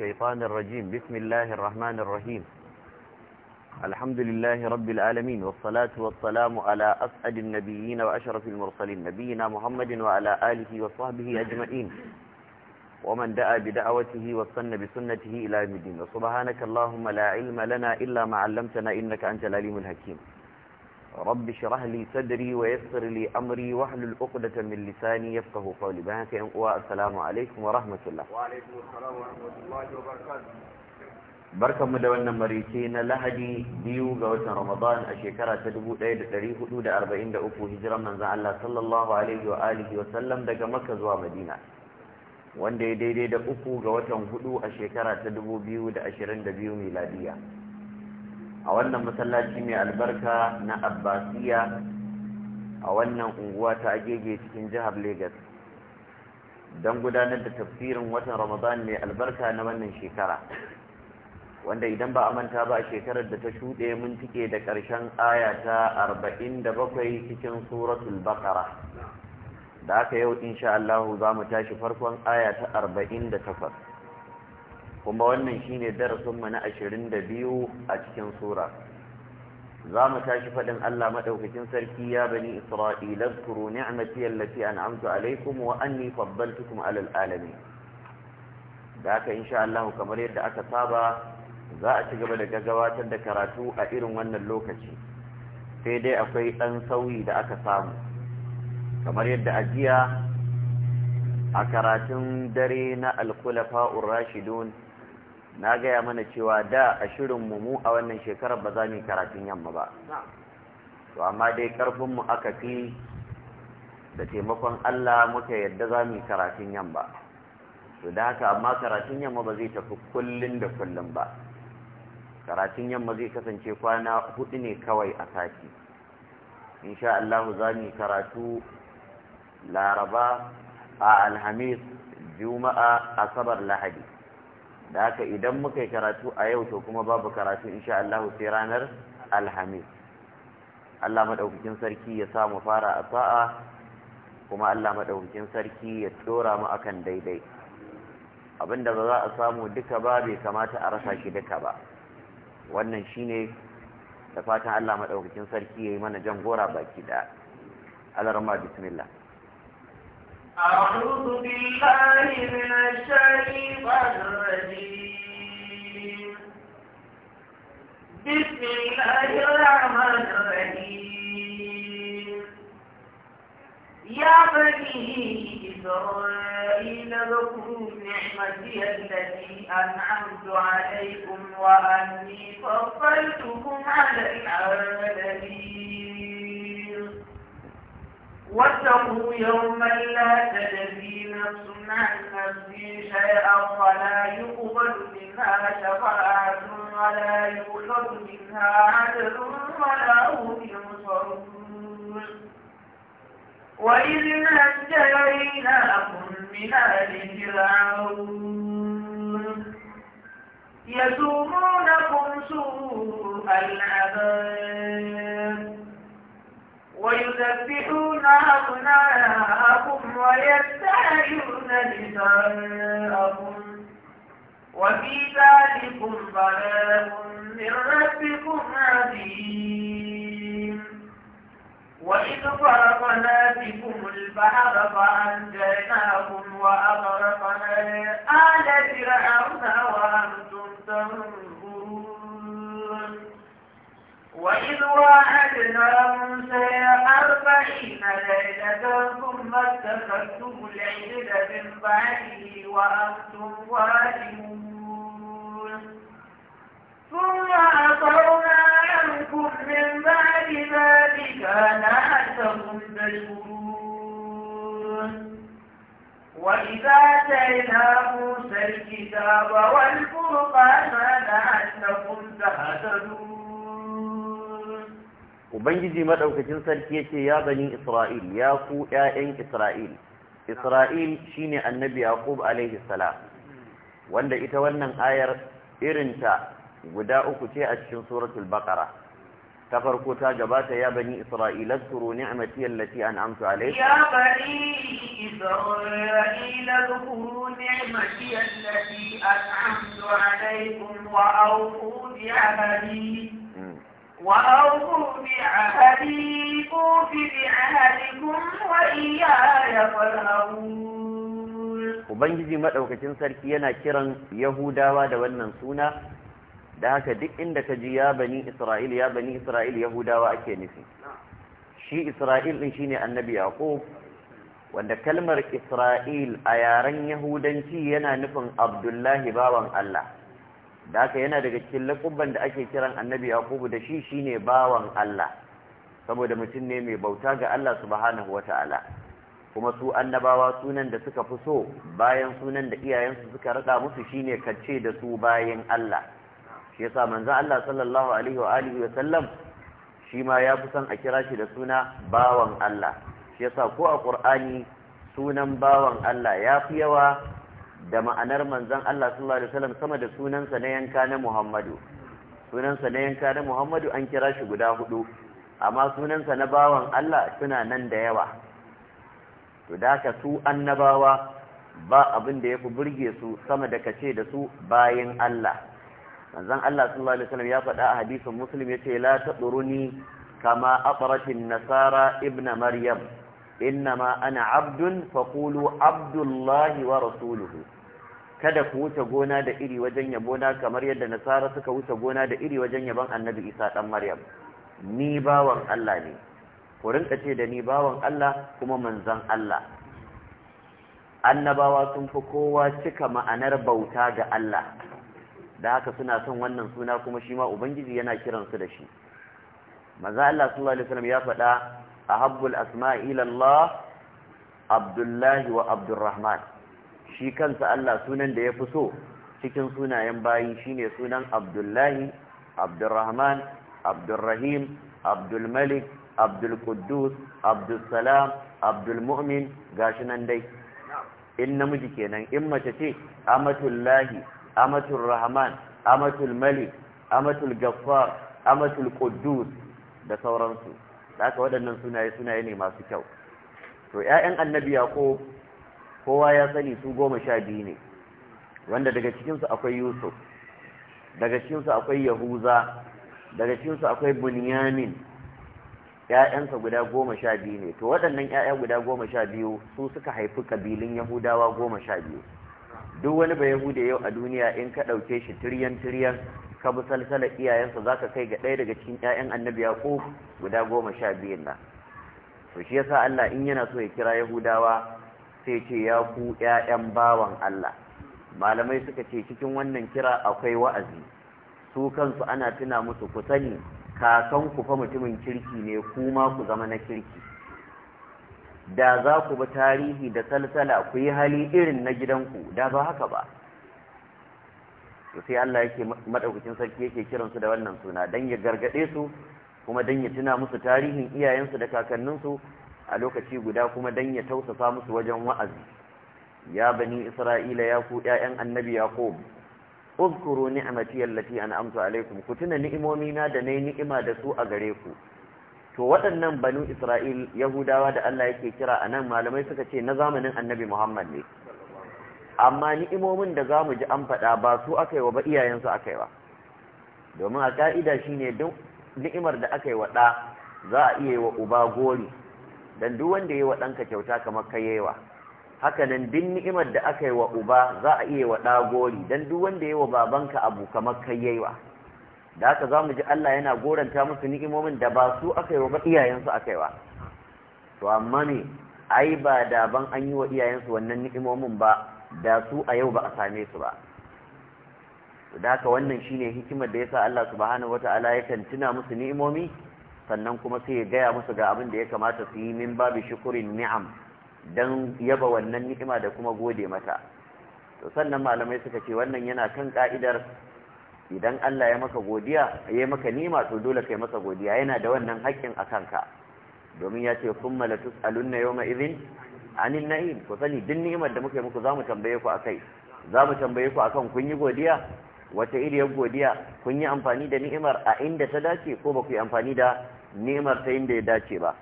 الشيطان الرجيم بسم الله الرحمن الرحيم الحمد لله رب العالمين والصلاة والسلام على أسعد النبيين وأشرف المرسلين نبينا محمد وعلى آله وصحبه أجمعين ومن دعا بدعوته وصن بسنته إلى يوم الدين سبحانك اللهم لا علم لنا إلا ما علمتنا إنك أنت العليم الحكيم رب اشرح لي صدري ويسر لي امري واحلل عقدة من لساني يفقه قولي بهاك ان السلام عليكم ورحمة الله وعليكم السلام ورحمة الله وبركاته barkanmu da wannan marice na lahadi biyu ga watan ramadan a shekara ta 1443 hijiran manzan Allah sallallahu alaihi wa alihi wa sallam daga makka zuwa madina wanda ya daidai da uku ga watan hudu a shekara ta 2022 miladiya a wannan masallaci mai albarka na abbasiya a wannan unguwa ta agege cikin jihar lagos don gudanar da tafsirin watan ramadan mai albarka na wannan shekara wanda idan ba a manta ba a shekarar da ta shuɗe mun tike da ƙarshen aya ta 47 cikin suratul baqara da aka yau insha Allah za mu tashi farkon aya ta 48 kuma wannan shine darasinmu na 22 a cikin sura za mu tashi faɗin Allah maɗaukacin sarki ya bani Isra'ila zkuru ni'mati allati an'amtu alaykum wa anni faddaltukum 'alal alamin da haka insha Allah kamar yadda aka saba za a ci gaba da gabatar da karatu a irin wannan lokaci sai dai akwai ɗan sauyi da aka samu kamar yadda a jiya a karatun dare na alkulafa'ur rashidun na gaya mana cewa da a shirin mu mu a wannan shekarar ba za mu yi karatun yamma ba to amma dai karfinmu aka fi da taimakon Allah muka yadda za mu yi karatun yamma to da haka amma karatun yamma ba zai tafi kullun da kullun ba karatun yamma zai kasance kwana hudu ne kawai a sati insha Allah za mu yi karatu laraba a alhamis juma'a asabar lahadi da haka idan muka yi karatu a yau to kuma babu karatu insha Allah sai ranar alhamis Allah madaukakin sarki ya samu fara a sa'a kuma Allah madaukakin sarki ya tsora mu akan daidai abinda ba za a samu duka ba bai kamata a rasa shi duka ba wannan shine da fatan Allah madaukakin sarki yayi mana jangora baki da alarma bismillah أعوذ بالله من الشيطان الرجيم بسم الله الرحمن الرحيم يا بني إسرائيل اذكروا نعمتي التي أنعمت عليكم وأني فضلتكم على العالمين واتقوا يوما لا تجزي نفس عن نفس شيئا ولا يقبل منها شفاعة ولا يؤخذ منها عدل ولا هم ينصرون وإذ نجيناكم من آل فرعون يسومونكم سوء العذاب ويذبحون أبناءكم ويستحيون نساءكم وفي ذلكم بلاء من ربكم عظيم وإذ فرقنا بكم البحر فأنجيناكم وأغرقنا آل فرعون وأنتم تنظرون وإذ واعدنا موسى أربعين ليلة ثم اتخذتم العجل من بعده وأنتم ظالمون ثم عفونا عنكم من بعد ما كان أنتم تشكرون وإذا آتينا موسى الكتاب والفرقان لعلكم تهتدون ubangiji madaukakin sarki yace ya bani isra'il ya ku ƴaƴan isra'il isra'il shine annabi yaqub alaihi salam wanda ita wannan ayar irinta guda uku ce a cikin suratul baqara ta farko ta gabata ya bani isra'il zkuru ni'mati allati an'amtu alayhi ya bani isra'il zkuru ni'mati allati an'amtu alaykum wa awfu bi 'ahdi Ubangiji maɗaukacin sarki yana kiran Yahudawa da wannan suna, da haka duk inda ka ji ya bani Isra'il, ya bani Isra'il Yahudawa ake nufi. Shi Isra'il ɗin shi ne annabi Yaƙub, wanda kalmar Isra'il a yaren Yahudanci yana nufin Abdullahi bawan Allah. da haka yana daga cikin laƙubban da ake kiran annabi yaqubu da shi shine bawan Allah saboda mutum ne mai bauta ga Allah subhanahu wata'ala kuma su annabawa sunan da suka fi so bayan sunan da iyayensu suka rada musu shine kace da su bayan Allah shi yasa manzo Allah sallallahu alaihi wa wa sallam shi ma ya fi son a kira shi da suna bawan Allah shi yasa ko a Qur'ani sunan bawan Allah ya fi yawa da ma'anar manzon Allah sallallahu alaihi wasallam sama da sunansa na yanka na Muhammadu sunansa na yanka na Muhammadu an kira shi guda hudu amma sunansa na bawan Allah suna nan da yawa to da su annabawa ba abin da fi burge su sama da kace da su bayin Allah manzon Allah sallallahu alaihi wasallam ya faɗa a hadisin Muslim ce, la ni kama aqratin nasara ibn maryam innama ana abdun faƙulu abdullahi wa rasuluhu kada ku wuce gona da iri wajen yabona kamar yadda nasara suka wuce gona da iri wajen yaban annabi isa ɗan maryam ni bawan Allah ne ku rinka ce da ni bawan Allah kuma manzon Allah annabawa sun fi kowa cika ma'anar bauta ga Allah da haka suna son wannan suna kuma shi ma ubangiji yana kiransu da shi Maza Allah sallallahu alaihi wasallam ya faɗa A habbul ila Abdullahi wa Abdurrahman shi kansa Allah sunan da ya fi so cikin sunayen bayi shine sunan Abdullahi Abdurrahman Abdurrahim Abdulmalik Abdulquddus Abdulsalam Abdulmu'min gashi nan dai in namiji kenan in mace ce amatullahi amatul rahman amatul malik da sauransu haka waɗannan sunaye sunaye ne masu kyau to 'ya'yan annabi ko kowa ya sani su goma sha biyu ne wanda daga cikinsu akwai yusuf daga cikinsu akwai yahuza daga cikinsu akwai bunyamin ‘ya'yansa guda goma sha biyu ne to waɗannan ‘ya'ya guda goma sha biyu su suka haifi ƙabilun yahudawa goma sha biyu duk wani ba yahuda yau a duniya in ka ɗauke shi tiryan tiryan ka bi salsalar iyayensa za ka kai ga ɗaya daga cikin 'ya'yan annabi yaƙub guda goma sha biyun nan to shi yasa Allah in yana so ya kira yahudawa sai ce ya ku 'ya'yan bawan Allah malamai suka ce cikin wannan kira akwai wa'azi su kansu ana tuna musu ku sani kakan ku fa mutumin kirki ne kuma ku zama na kirki da za ku bi tarihi da salsala ku yi hali irin na gidanku da ba haka ba to sai Allah yake madaukakin sarki yake kiransu da wannan suna dan ya gargade su kuma dan ya tuna musu tarihin iyayensu da kakanninsu a lokaci guda kuma dan ya tausasa musu wajen wa'azi ya bani isra'ila ya ku ƴaƴan annabi yaqub uzkuru ni'mati allati an'amtu alaykum ku tuna ni'imomi na da nayi ni'ima da su a gare ku to waɗannan banu isra'il yahudawa da Allah yake kira anan malamai suka ce na zamanin annabi Muhammad ne amma ni'imomin da za mu ji an faɗa ba su aka yi wa ba iyayensu aka yi ba domin a ka'ida shi ne duk ni'imar da aka yi wa ɗa za a iya yi wa uba gori don duk wanda ya yi wa ɗanka kyauta kamar ka yi wa haka nan duk ni'imar da aka yi wa uba za a iya yi wa ɗa gori don duk wanda ya yi wa babanka abu kamar ka yi wa da haka za mu ji Allah yana goranta musu ni'imomin da ba su aka yi wa ba iyayensu aka yi wa to amma ne ai ba da ban an yi wa iyayensu wannan ni'imomin ba da su a yau ba a same su ba da haka wannan shine hikimar da ya sa Allah subhanahu wataala yakan tuna musu ni'imomi sannan kuma sai ya gaya musu ga abin da ya kamata su yi min babu shukurin ni'am dan yaba wannan ni'ima da kuma gode mata to sannan malamai suka ce wannan yana kan ka'idar idan Allah ya maka godiya ya maka ni'ima to dole kai masa godiya yana da wannan haƙƙin a kanka domin ya ce kuma la tus'alunna yawma idhin anin na'im ku sani duk ni'imar da muke muku zamu tambaye ku akai zamu tambaye ku akan kun yi godiya wace iriyar godiya kun yi amfani da ni'imar a inda ta dace ko ba ku yi amfani da ni'imar ta inda ya dace ba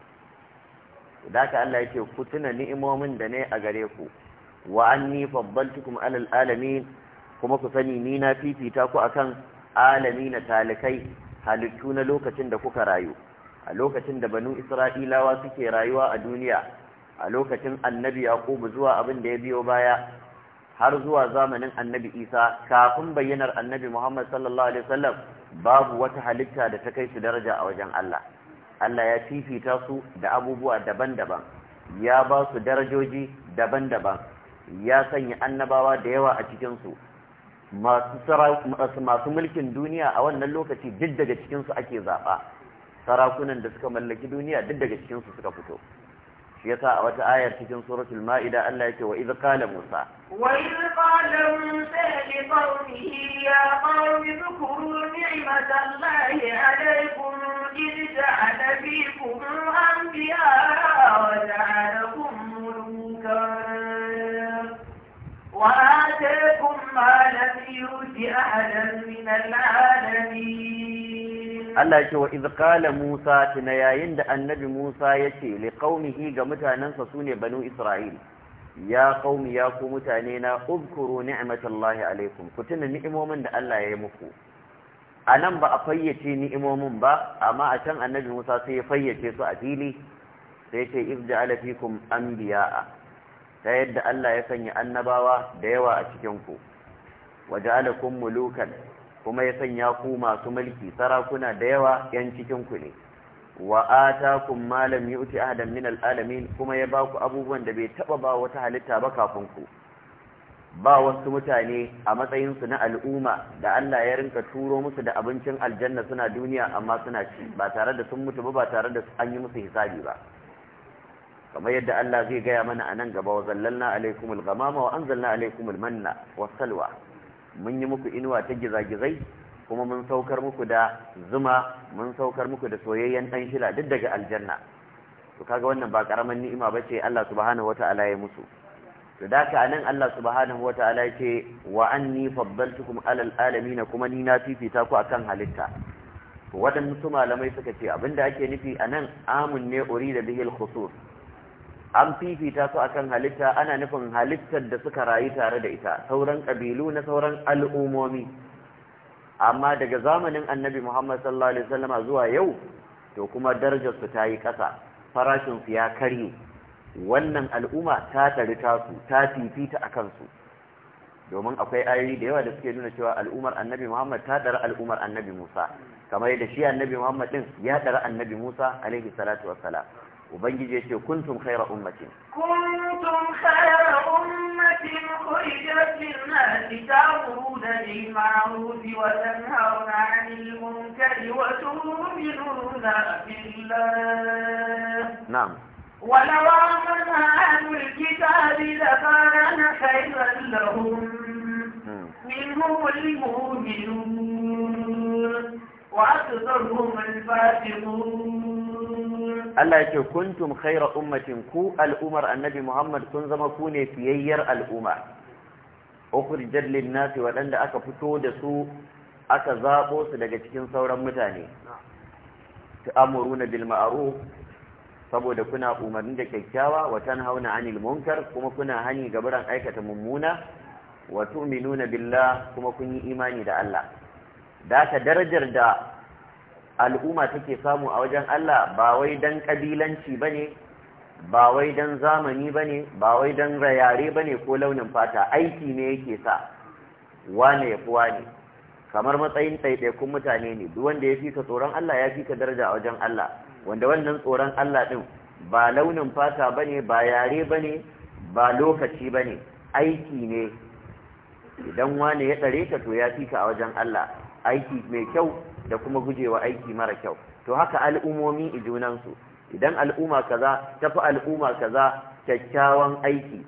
da ka Allah yake ku tuna ni'imomin da ne a gare ku wa anni faddaltukum alal alamin kuma ku sani ni na fifita ku akan alamin talikai halittu na lokacin da kuka rayu a lokacin da banu isra'ilawa suke rayuwa a duniya a lokacin annabi yaqub zuwa abin da ya biyo baya har zuwa zamanin annabi isa kafin bayyanar annabi muhammad sallallahu alaihi wasallam babu wata halitta da ta kai su daraja a wajen allah allah ya fifita su da abubuwa daban-daban ya ba su darajoji daban-daban ya sanya annabawa da yawa a cikinsu masu mulkin duniya a wannan lokaci duk daga cikinsu ake zaɓa sarakunan da suka mallaki duniya duk daga cikinsu suka fito yasa a wata ayar cikin suratul ma'ida Allah yake wa idh qala musa wa idh qala musa li qawmihi ya qaumi dhkuru allahi alaykum id ja'ala fikum anbiya wa ja'alakum mulukan wa ataakum ma lam yuti ahadan min al-'alamin Allah ya ce wa izkala Musa tuna yayin da annabi Musa ya ce li qaumihi ga mutanensa sune banu Isra'il ya qaumi ya ku mutane na ubkuru ni'matallahi alaikum ku tuna ni'imomin da Allah ya yi muku anan ba a fayyace ni'imomin ba amma a can annabi Musa sai ya fayyace su a fili sai ce izja'ala fikum anbiya'a ta yadda Allah ya sanya annabawa da yawa a cikin ku waja'alakum mulukan kuma ya sanya ku masu mulki sarakuna da yawa yan cikin ku ne wa atakum ma lam yu'ti ahadan min alalamin kuma ya baku abubuwan da bai taba ba wata halitta ba kafin ku ba wasu mutane a matsayin su na al'umma da Allah ya rinka turo musu da abincin aljanna suna duniya amma suna ci ba tare da sun mutu ba ba tare da an yi musu hisabi ba kamar yadda Allah zai gaya mana a nan gaba wa zallalna alaikumul ghamama wa anzalna alaikumul manna wa salwa mun yi muku inuwa ta gizagizai kuma mun saukar muku da zuma mun saukar muku da soyayyen ɗan shila duk daga aljanna to kaga wannan ba karaman ni'ima bace Allah subhanahu wataala ya musu to da ka anan Allah subhanahu wataala yake wa anni faddaltukum alal alamin kuma ni na fifita ku akan halitta Wadannan su malamai suka ce abinda ake nufi anan amun ne urida da al-khusus an fifita su akan halitta ana nufin halittar da suka rayu tare da ita sauran ƙabilu na sauran al'umomi amma daga zamanin annabi muhammad sallallahu alaihi wasallama zuwa yau to kuma su ta yi ƙasa su ya karye wannan al'umma ta tari tasu ta fifita a kansu domin akwai ayoyi da yawa da suke nuna cewa al'ummar annabi muhammad ta tara al'ummar annabi musa kamar yadda shi annabi muhammad din ya tara annabi musa alaihi salatu wassalam وبنجي شيء كنتم خير أمة كنتم خير أمة خرجت للناس تعبرون للمعروف وتنهون عن المنكر وتؤمنون بالله نعم ولو آمن أهل الكتاب لكان خيرا لهم منهم المؤمنون وأكثرهم الفاسقون Allah yake kuntum khayra ummatin ku al'umar annabi Muhammad kun zama ku ne fiyayyar al'umma ukhrijat lin-nasi waɗanda aka fito da su aka zabo su daga cikin sauran mutane ta'amuruna bil ma'ruf saboda kuna umarni da kyakkyawa wa tanhauna 'anil munkar kuma kuna hani ga barin aikata mummuna wa tu'minuna billah kuma kun yi imani da Allah da ka darajar da al'umma take samu a wajen Allah ba wai dan kabilanci bane ba wai dan zamani bane ba wai dan rayare bane ko launin fata aiki ne yake sa wane ya fi wane kamar matsayin ɗaiɗaikun mutane ne duk wanda ya fi ka tsoron Allah ya fi ka daraja a wajen Allah wanda wannan tsoron Allah ɗin ba launin fata ba ne ba yare ba ne ba lokaci ba aiki ne idan wane ya tsare ka to ya fi ka a wajen Allah aiki mai kyau da kuma gujewa aiki mara kyau to haka al'umomi junansu idan al'umma kaza tafi al'umma kaza kyakkyawan aiki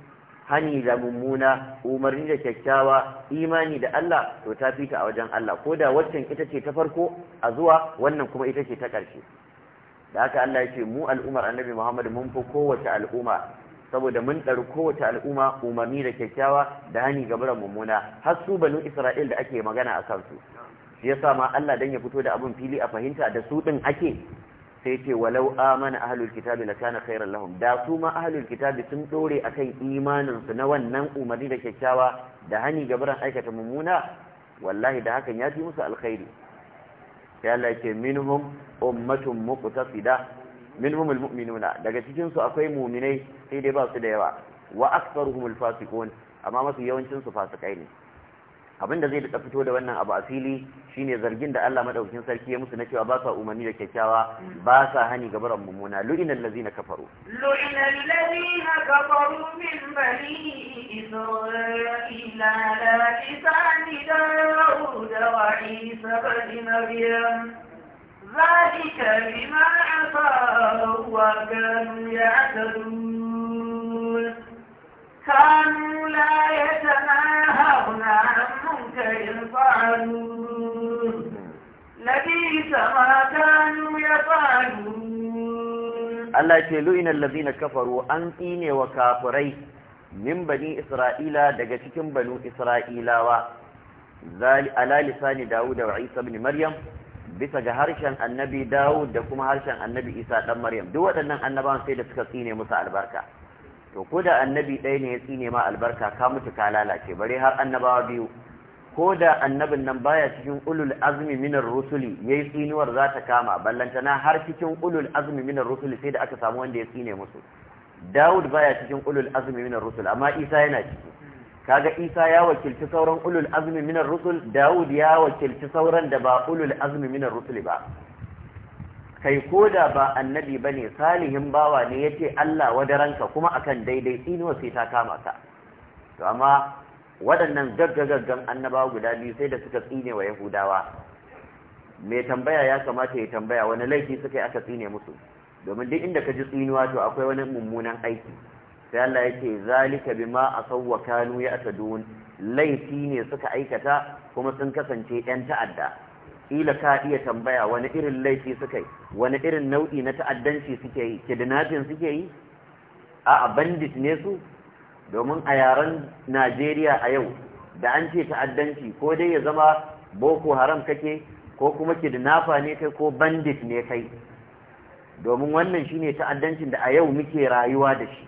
hani da mummuna umarni da kyakkyawa imani da Allah to ta fita a wajen Allah ko da waccan ita ce ta farko a zuwa wannan kuma ita ce ta ƙarshe da haka Allah ya ce mu al'ummar annabi Muhammad mun fi kowace al'umma saboda mun ɗari kowace al'umma umarni da kyakkyawa da hani ga mummuna har su banu Isra'il da ake magana a kansu shi ma Allah dan ya fito da abun fili a fahimta da su din ake sai ce walau amana ahlul kitabi lakana khairan lahum da su ma ahlul kitabi sun dore akan imanin su na wannan umarni da kyakkyawa da hani gabaran aikata mummuna wallahi da hakan ya fi musu alkhairi sai Allah yake minhum ummatun muqtasida minhum almu'minuna daga cikin su akwai mu'minai sai dai ba su da yawa wa aktharuhum alfasiqun amma masu yawancin su fasikai ne abinda zai rika fito da wannan abu asili shine zargin da Allah madaukakin sarki ya musu na cewa ba sa umarni da kyakkyawa ba sa hani ga barin mummuna lu'ina allazina kafaru lu'ina allazina kafaru min bani isra'ila la lisani daud wa isa bin maryam ذلك بما عصوا وكانوا يعتدون كانوا لا يتناهون عن منكر فعلوه لبيس ما كانوا يفعلون الله يقول إن الذين كفروا أنقين وكافري من بني إسرائيل دقتكم بنو إسرائيل على لسان داود وعيسى بن مريم bisa ga harshen annabi Dawud da kuma harshen annabi Isa dan Maryam duk waɗannan annabawan sai da suka tsine musu albarka to ko da annabi ɗaya ne ya tsine ma albarka ka mutu ka lalace bare har annabawa biyu ko da annabin nan baya cikin ulul azmi minar rusuli yayi tsinuwar za ta kama ballantana har cikin ulul azmi minar rusuli sai da aka samu wanda ya tsine musu Dawud baya cikin ulul azmi minar rusul amma Isa yana ciki kaga Isa ya wakilci sauran ulul azmi minar rusul Dawud ya wakilci sauran da ba ulul azmi minar rusul ba kai ko da ba annabi bane salihin bawa ne yace Allah wadaranka kuma akan daidai tsinuwar sai ta kama ka to amma waɗannan gaggagaggan annabawa guda biyu sai da suka tsine wa yahudawa mai tambaya ya kamata ya tambaya wani laifi suka yi aka tsine musu domin duk inda ka ji tsinuwa to akwai wani mummunan aiki sai Allah ya ce zalika bima asawwa kanu ya atadun laifi ne suka aikata kuma sun kasance yan ta'adda Ila ka iya tambaya wani irin laifi suka yi wani irin nau'i na ta'addanci suke yi kidnapping suke yi a'a bandit ne su domin a yaren najeriya a yau da an ce ta'addanci ko dai ya zama boko haram kake ko kuma kidnafa ne kai ko bandit ne kai domin wannan shi ne ta'addancin da a yau muke rayuwa da shi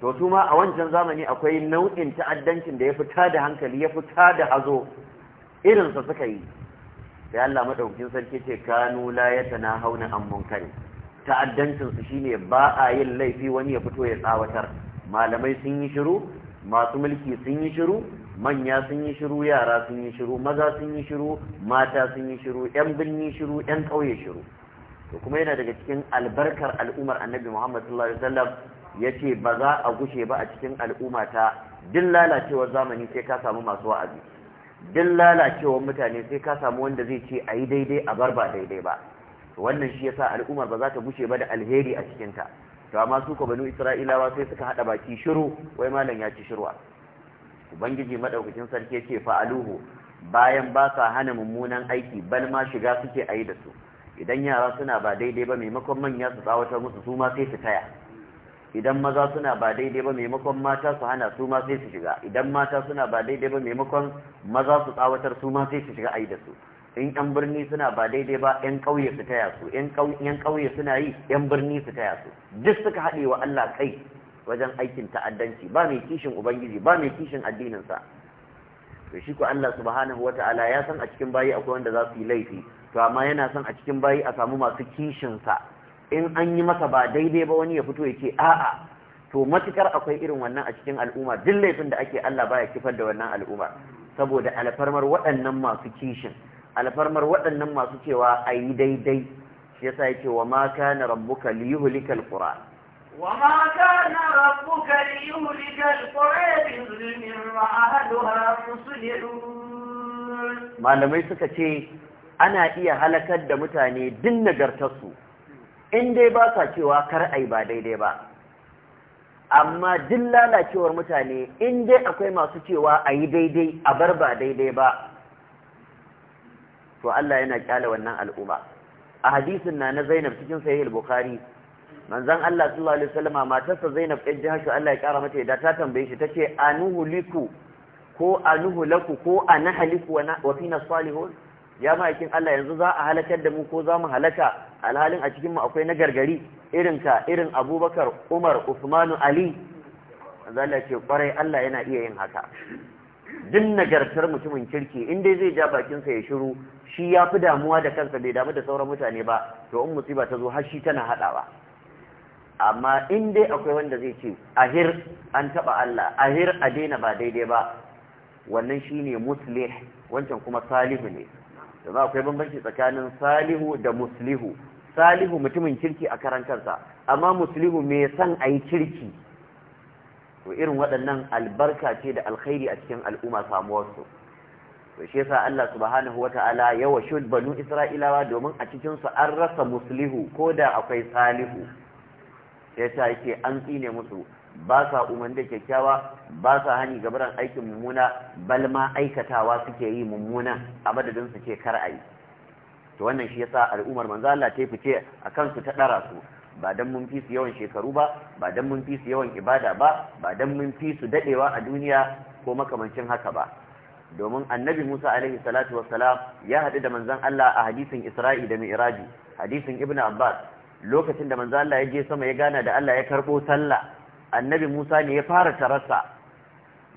to tuma a wancan zamani akwai nau'in ta'addancin da ya fita da hankali ya fita da hazo irinsa suka yi sai Allah madaukakin sarki ce kanu la yatana hauna an munkari ta'addancin su shine ba a yin laifi wani ya fito ya tsawatar malamai sun yi shiru masu mulki sun yi shiru manya sun yi shiru yara sun yi shiru maza sun yi shiru mata sun yi shiru yan birni shiru yan ƙauye shiru to kuma yana daga cikin albarkar al'ummar annabi muhammad sallallahu alaihi wasallam ya ce ba za a gushe ba a cikin al'umma ta din lalacewar zamani sai ka samu masu wa'azi din lalacewar mutane sai ka samu wanda zai ce a yi daidai a bar ba daidai ba wannan shi yasa al'ummar ba za ta gushe ba da alheri a cikinta to amma su ko banu isra'ilawa sai suka hada baki shiru wai malam ya ci shirwa ubangiji madaukakin sarki ce fa'aluhu bayan ba sa hana mummunan aiki bal ma shiga suke ayi da su idan yara suna ba daidai ba maimakon manya su tsawatar musu su ma sai su taya idan maza suna ba daidai ba maimakon mata su hana su ma sai su shiga idan mata suna ba daidai ba maimakon maza su tsawatar su ma sai su shiga ayi da su in yan birni suna ba daidai ba yan ƙauye su taya su yan ƙauye suna yi yan birni su taya su duk suka haɗe wa Allah kai wajen aikin ta'addanci ba mai kishin ubangiji ba mai kishin addininsa to shi ko Allah subhanahu wata'ala ya san a cikin bayi akwai wanda za su yi laifi to amma yana san a cikin bayi a samu masu kishinsa in an yi masa ba daidai ba wani ya fito ya ce a'a to matukar akwai irin wannan a cikin al'umma duk laifin da ake Allah baya kifar da wannan al'umma saboda alfarmar waɗannan masu kishin alfarmar waɗannan masu cewa a yi daidai shi yasa yake wa ma na rabbuka wa ma kana rabbuka liyuhlika alqura bi zulmin wa malamai suka ce ana iya halakar da mutane din nagartarsu in dai ba sa cewa kar a ba daidai ba amma din lalacewar mutane in dai akwai masu cewa a yi daidai a bar ba daidai ba to Allah yana kyale wannan al'umma a hadisin na na Zainab cikin sahih al-Bukhari manzon Allah sallallahu alaihi wasallama matarsa Zainab ɗan jihashu Allah ya kara mata yadda ta tambaye shi tace anuhu liku ko anuhu laku ko anahliku wa fina salihun ya ma'aikin Allah yanzu za a halakar da mu ko za mu halaka alhalin a cikin mu akwai na gargari irin ka irin Abubakar Umar Usmanu Ali manzon ce kwarai Allah yana iya yin haka duk nagartar mutumin kirki in dai zai ja bakinsa ya shiru shi ya fi damuwa da kansa bai damu da sauran mutane ba to in musiba ta zo har shi tana haɗawa amma in dai akwai wanda zai ce ahir an taɓa Allah ahir a daina ba daidai ba wannan shi ne muslih wancan kuma salihu ne domin akwai bambanci tsakanin salihu da muslihu salihu mutumin kirki a karan kansa amma muslihu mai san ayi kirki to irin waɗannan albarka ce da alkhairi a cikin al'umma samuwarsu to shi yasa Allah subhanahu wata'ala ya washe banu Isra'ilawa domin a cikin su an rasa muslihu ko da akwai salihu sai ta yake an tsine musu ba sa umarni da kyakkyawa ba sa hani gabaran aikin mummuna balma aikatawa suke yi mummuna a madadin su ce kar a yi to wannan shi yasa al'ummar manzo Allah ta fice akan su ta dara su ba dan mun fi su yawan shekaru ba ba dan mun fi su yawan ibada ba ba dan mun fi su dadewa a duniya ko makamancin haka ba domin annabi Musa alaihi salatu wassalam ya haɗu da manzon Allah a hadisin Isra'i da Mi'raji hadisin Ibn Abbas lokacin da manzon Allah ya je sama ya gana da Allah ya karbo sallah annabi Musa ne ya fara tarasa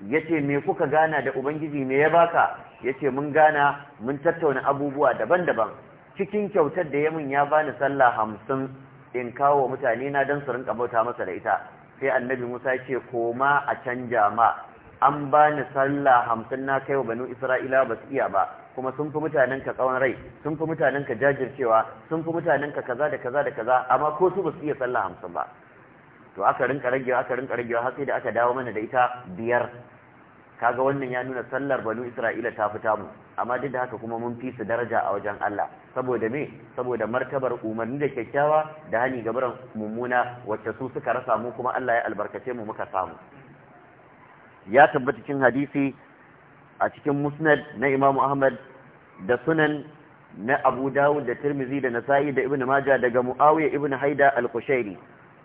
yace me kuka gana da ubangiji me ya baka yace mun gana mun tattauna abubuwa daban-daban cikin kyautar da ya mun ya bani sallah hamsin in kawo mutane na don su rinka bauta masa da ita sai annabi musa ce koma a canja ma an ba ni sallah hamsin na kai wa banu isra'ila ba su iya ba kuma sun fi mutanen ka tsawon rai sun fi mutanen ka jajircewa sun fi mutanen ka kaza da kaza da kaza amma ko su ba su iya sallah hamsin ba to aka rinka ragewa aka rinka ragewa har sai da aka dawo mana da ita biyar kaga wannan ya nuna sallar banu isra'ila ta fita mu amma duk da haka kuma mun fi su daraja a wajen Allah saboda me saboda martabar umarni da kyakkyawa da hani gabaran mummuna wacce su suka rasa mu kuma Allah ya albarkace mu muka samu ya tabbata cikin hadisi a cikin musnad na Imam Ahmad da sunan na Abu Dawud da Tirmidhi da Nasa'i da Ibn Majah daga Muawiya ibn Haida al-Qushairi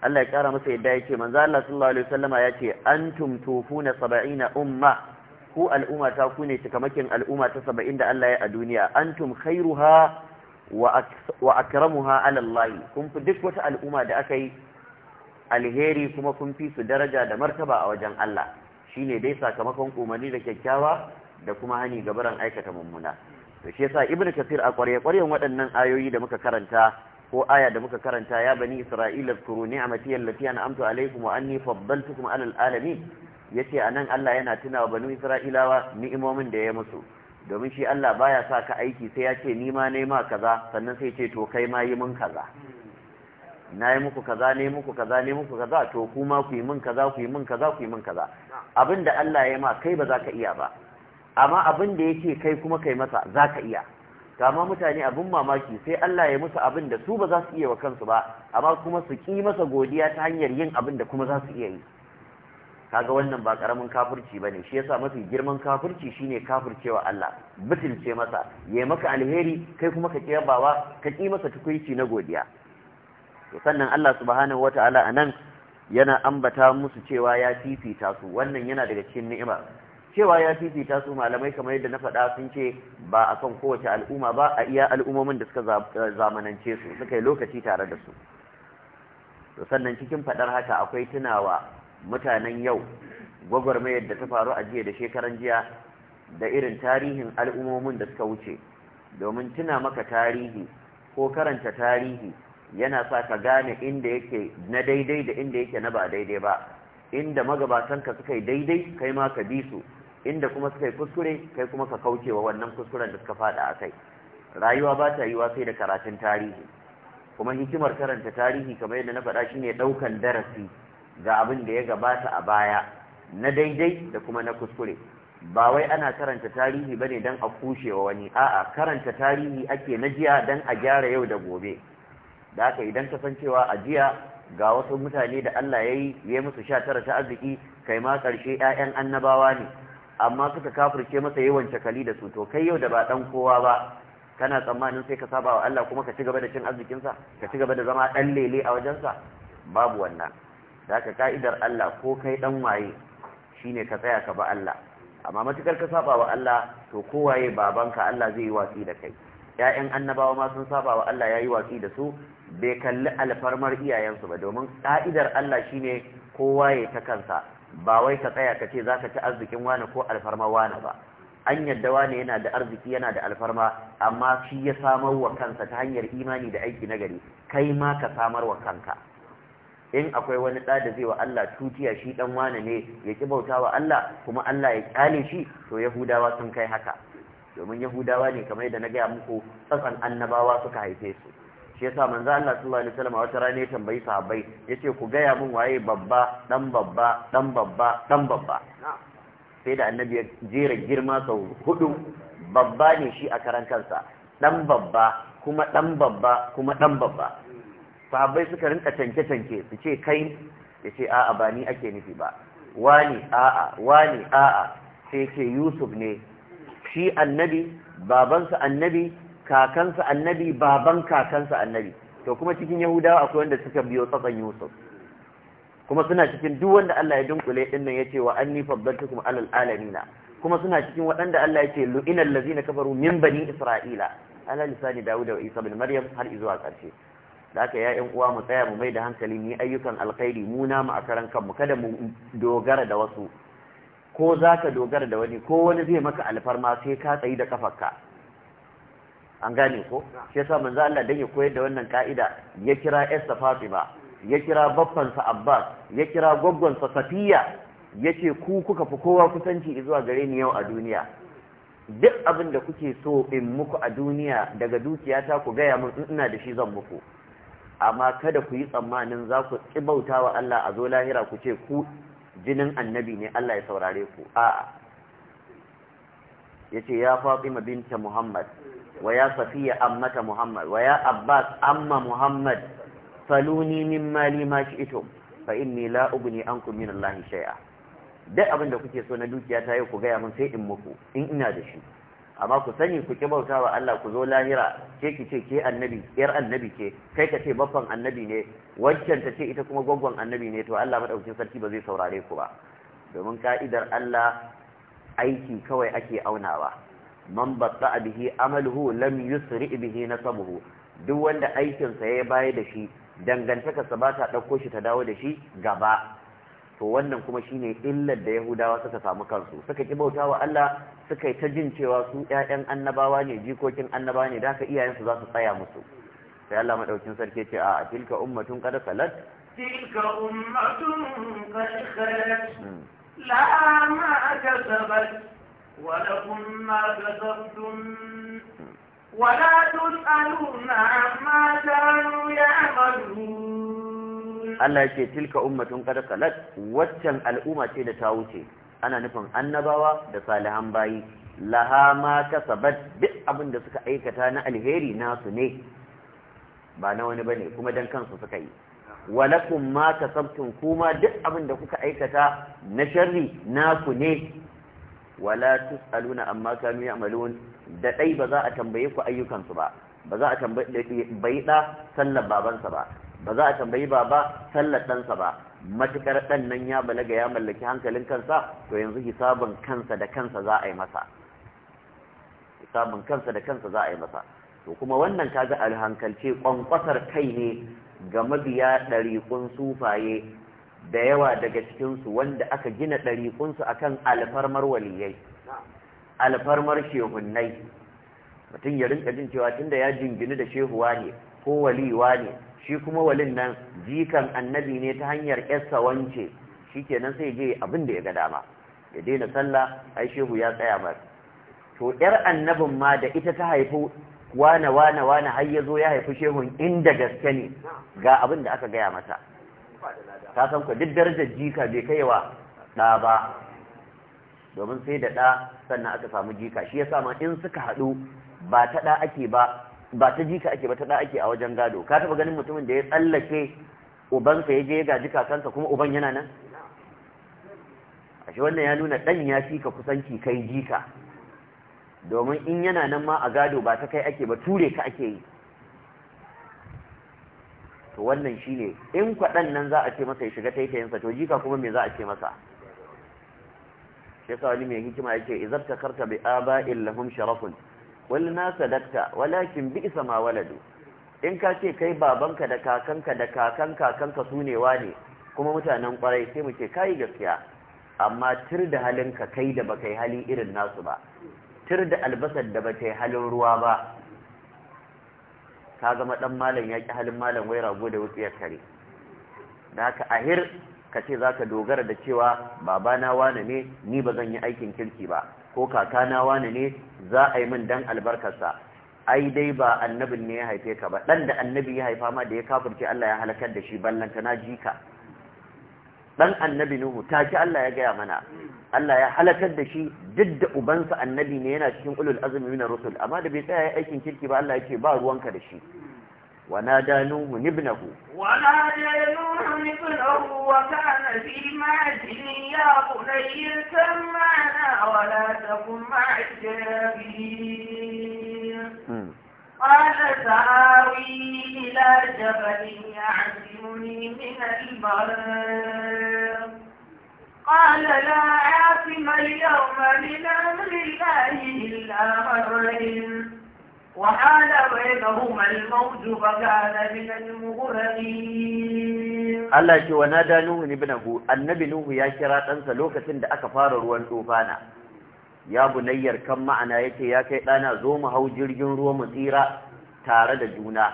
Allah ya kara masa yadda yake manzo Allah sallallahu alaihi wasallama yace antum tufuna 70 umma ku al'umma ta ku ne cikamakin al'umma ta 70 da Allah ya a duniya antum khairuha wa akramuha ala Allah kun fi duk wata al'umma da aka yi alheri kuma kun fi su daraja da martaba a wajen Allah shine dai sakamakon umarni da kyakkyawa da kuma hani gabaran aikata mummuna to shi yasa ibnu kasir a ƙwarya ƙwaryan waɗannan ayoyi da muka karanta ko aya da muka karanta ya bani isra'ila zkuru ni'amati allati an'amtu alaykum wa anni faddaltukum 'alal alamin yace anan Allah yana tunawa bani isra'ilawa ni'imomin da ya musu domin shi Allah baya sa ka aiki sai ya ce ni ma ne ma kaza sannan sai ce to kai ma yi mun kaza na yi muku kaza ne muku kaza ne muku kaza to kuma ku yi mun kaza ku yi mun kaza ku yi mun kaza abinda Allah ya ma kai ba za ka iya ba amma abin da yake kai kuma kai masa za ka iya kama mutane abin mamaki sai Allah ya musu abin da su ba za su iya wa kansu ba amma kuma su ƙi masa godiya ta hanyar yin abin da kuma za su iya yi kaga wannan ba karamin kafirci bane shi yasa mafi girman kafirci shine kafircewa Allah mutunce masa ya maka alheri kai kuma ka kiyan bawa ka ƙi masa tukuici na godiya to sannan Allah subhanahu wataala anan yana ambata musu cewa ya fifita su wannan yana daga cikin ni'ima cewa ya fifita su malamai kamar yadda na faɗa sun ce ba a kan kowace al'umma ba a iya al'ummomin da suka eh, zamanance su suka yi lokaci tare da su to sannan cikin faɗar haka akwai tunawa mutanen yau gwagwarmayar da ta faru a jiya da shekaran jiya da irin tarihin al'ummomin da suka wuce domin tuna maka tarihi ko karanta tarihi yana sa ka gane inda yake na daidai da inda yake na ba daidai ba inda magabatanka suka yi daidai kai ma ka bi su inda kuma suka yi kuskure kai kuma ka kauce wa wannan kuskuren da suka faɗa a kai rayuwa ba ta yiwa sai da karatun tarihi kuma hikimar karanta tarihi kamar yadda na faɗa shine ɗaukan darasi ga abin da ya gabata a baya na daidai da kuma na kuskure ba wai ana karanta tarihi ba ne dan a kushewa wani a'a karanta tarihi ake na jiya dan a gyara yau da gobe da haka idan ka san cewa a jiya ga wasu mutane da Allah ya yi ya musu sha tara ta arziki kai ma ƙarshe 'ya'yan annabawa ne amma suka kafirce masa yawan cakali da su to kai yau da ba dan kowa ba kana tsammanin sai ka saba wa Allah kuma ka ci gaba da cin arzikinsa ka ci gaba da zama dan lele a wajensa babu wannan da ka ka'idar Allah ko kai dan waye shine ka tsaya ka ba Allah amma matukar ka saba wa Allah to kowaye babanka Allah zai yi watsi da kai ƴaƴan annabawa ma sun saba wa Allah yayi watsi da su bai kalli alfarmar iyayensu ba domin ka'idar Allah shine kowa ya ta kansa ba wai ka tsaya ka ce za ka ci arzikin wani ko alfarma wani ba an yadda wani yana da arziki yana da alfarma amma shi ya samar wa kansa ta hanyar imani da aiki na gari kai ma ka samar wa kanka in akwai wani ɗa da zai wa Allah tutiya shi ɗan wani ne ya ki bauta wa Allah kuma Allah ya kyale shi to Yahudawa sun kai haka domin Yahudawa ne kamar da na gaya muku tsatsan annabawa suka haife su shi yasa manzo Allah sallallahu alaihi wasallam wata rana ya tambayi sahabbai yace ku gaya min waye babba dan babba dan babba dan babba sai da annabi ya jera girma sau hudu babba ne shi a karan kansa dan babba kuma dan babba kuma dan babba sahabbai suka rinka canke canke su ce kai yace a ba ni ake nufi ba wani a'a wani a'a sai ce Yusuf ne shi annabi babansa annabi kakansa annabi baban kakansa annabi to kuma cikin yahudawa akwai wanda suka biyo tsatsan yusuf kuma suna cikin duk wanda Allah ya dunkule din nan yace wa anni faddaltukum alal alamina kuma suna cikin waɗanda Allah yace lu'inal ladzina kafaru min bani isra'ila ala lisani dauda wa isa bin maryam har izuwa ƙarshe da aka ya ƴan uwa mu tsaya mu mai da hankali ni ayyukan alkhairi mu na a karan kanmu kada mu dogara da wasu ko za dogara da wani ko wani zai maka alfarma sai ka tsayi da kafarka an gane ko shi yasa manzo Allah dan ya koyar da wannan ka'ida ya kira Esther Fatima ya kira sa Abbas ya kira sa Safiya yace ku kuka fi kowa kusanci zuwa gare ni yau a duniya duk abin da kuke so in muku a duniya daga dukiyata ku gaya mun ina da shi zan muku amma kada ku yi tsammanin za ku tsibauta wa Allah a zo lahira ku ce ku jinin annabi ne Allah ya saurare ku a'a yace ya Fatima binta Muhammad Safiya, ammata muhammad wa ya abbas Amma, Muhammad? faluni min mali ma shi'tu fa inni la ubni ankum min allahi shay'a duk abin da kuke so na dukiya ta yau ku gaya mun sai in muku in ina da shi amma ku sani ku ki bauta wa Allah ku zo lahira ke ki ce ke annabi yar annabi ke? kai ka ce baffan annabi ne waccan ta ce ita kuma gwaggon annabi ne to Allah madaukakin sarki ba zai saurare ku ba domin ka'idar Allah aiki kawai ake aunawa man batta bihi amaluhu lam yusri bihi nasabuhu duk wanda aikin sa ya baya da shi dangantaka sa ba ta dauko shi ta dawo da shi gaba to wannan kuma shine illar da yahudawa suka samu kansu suka ki bautawa Allah suka yi ta jin cewa su ƴaƴan annabawa ne jikokin annabawa ne da haka iyayensu za su tsaya musu sai Allah madaukin sarki ce a tilka ummatun qad khalat tilka ummatun qad khalat hmm. la ma kasabat ولكم ما كسبتم ولا تسألون عما كانوا يعملون الله يشي تلك أمة قد خلت واتن da salihan bayi laha ma kasabat duk abin da suka aikata na alheri nasu ne ba na wani bane kuma dan kansu suka yi walakum ma kasabtum kuma duk abin da kuka aikata na sharri naku ne wala tusaluna amma kanu ya'malun da dai ba za a tambaye ku ayyukansu ba ba za a tambayi da sallar babansa ba ba za a tambayi baba sallar ɗansa ba matukar ɗan nan ya balaga ya mallaki hankalin kansa to yanzu hisabin kansa da kansa za a yi masa hisabin kansa da kansa za a yi masa to kuma wannan kaga alhankalce kwankwasar kai ne ga mabiya ɗariƙun sufaye da yawa daga su wanda aka gina ɗariƙunsu akan alfarmar waliyai alfarmar shehunnai mutum ya rinka jin cewa tunda ya jingini da shehuwa ne ko waliwa ne shi kuma walin nan jikan annabi ne ta hanyar yasa wance shi kenan sai je abin da ya ga dama ya daina sallah ai shehu ya tsaya ba to yar annabin ma da ita ta haifi wane wane wane har ya zo ya haifi shehun inda gaske ne ga abin da aka gaya masa ta san ku duk darajar jika bai kai wa ɗa ba domin sai da ɗa sannan aka samu jika shi yasa ma in suka haɗu ba ta ɗa ake ba ba ta jika ake ba ta ɗa ake a wajen gado ka taɓa ganin mutumin da ya tsallake ubansa ya je ya gaji kakansa kuma uban yana nan ashe wannan ya nuna ɗan ya fi ka kusanci kai jika domin in yana nan ma a gado ba ta kai ake ba ture ka ake yi to wannan shine in kwaɗan nan za a ce masa ya shiga taitayinsa to jika kuma me za a ce masa shi wani mai hikima yake izar ta karta a aba'in lahum sharafun wani na sadakta walakin bi isa ma waladu in ka ce kai babanka da kakanka da kakan kakanka su ne wane kuma mutanen kwarai sai mu ce kayi gaskiya amma tir da halinka kai da baka yi hali irin nasu ba tir da albasar da baka yi halin ruwa ba ka zama dan malam yaki halin malam wai rago da wutsiyar kare da haka ahir ka ce za dogara da cewa babana wane ne ni ba zan yi aikin kirki ba ko kakana wane ne za a yi min dan albarkarsa ai dai ba annabin ne ya haife ka ba dan da annabi ya haifa ma da ya kafirce Allah ya halakar da shi ballanta na jika dan annabi nuhu tashi Allah ya gaya mana Allah ya halakar da shi duk da ubansa annabi ne yana cikin ulul azumi na rusul amma da bai tsaya ya aikin kirki ba Allah ya ce ba ruwanka da shi wa nada nuhu ibnahu wa nada nuhu ibnahu wa kana fi ma'jili ya bunayya samana wa la takum ma'jabin hmm. قال سآوي إلى جبل يعزمني من البر قال لا عاصم اليوم من أمر الله إلا من وحال بينهما الموج فكان من المغرقين Allah ce wa na da Nuhu ibnahu annabi Nuhu ya kira ɗansa lokacin da aka fara ruwan tufana ya bunayyar kan ma'ana yake ya kai ɗana zo mu hau jirgin ruwa mu tsira tare da juna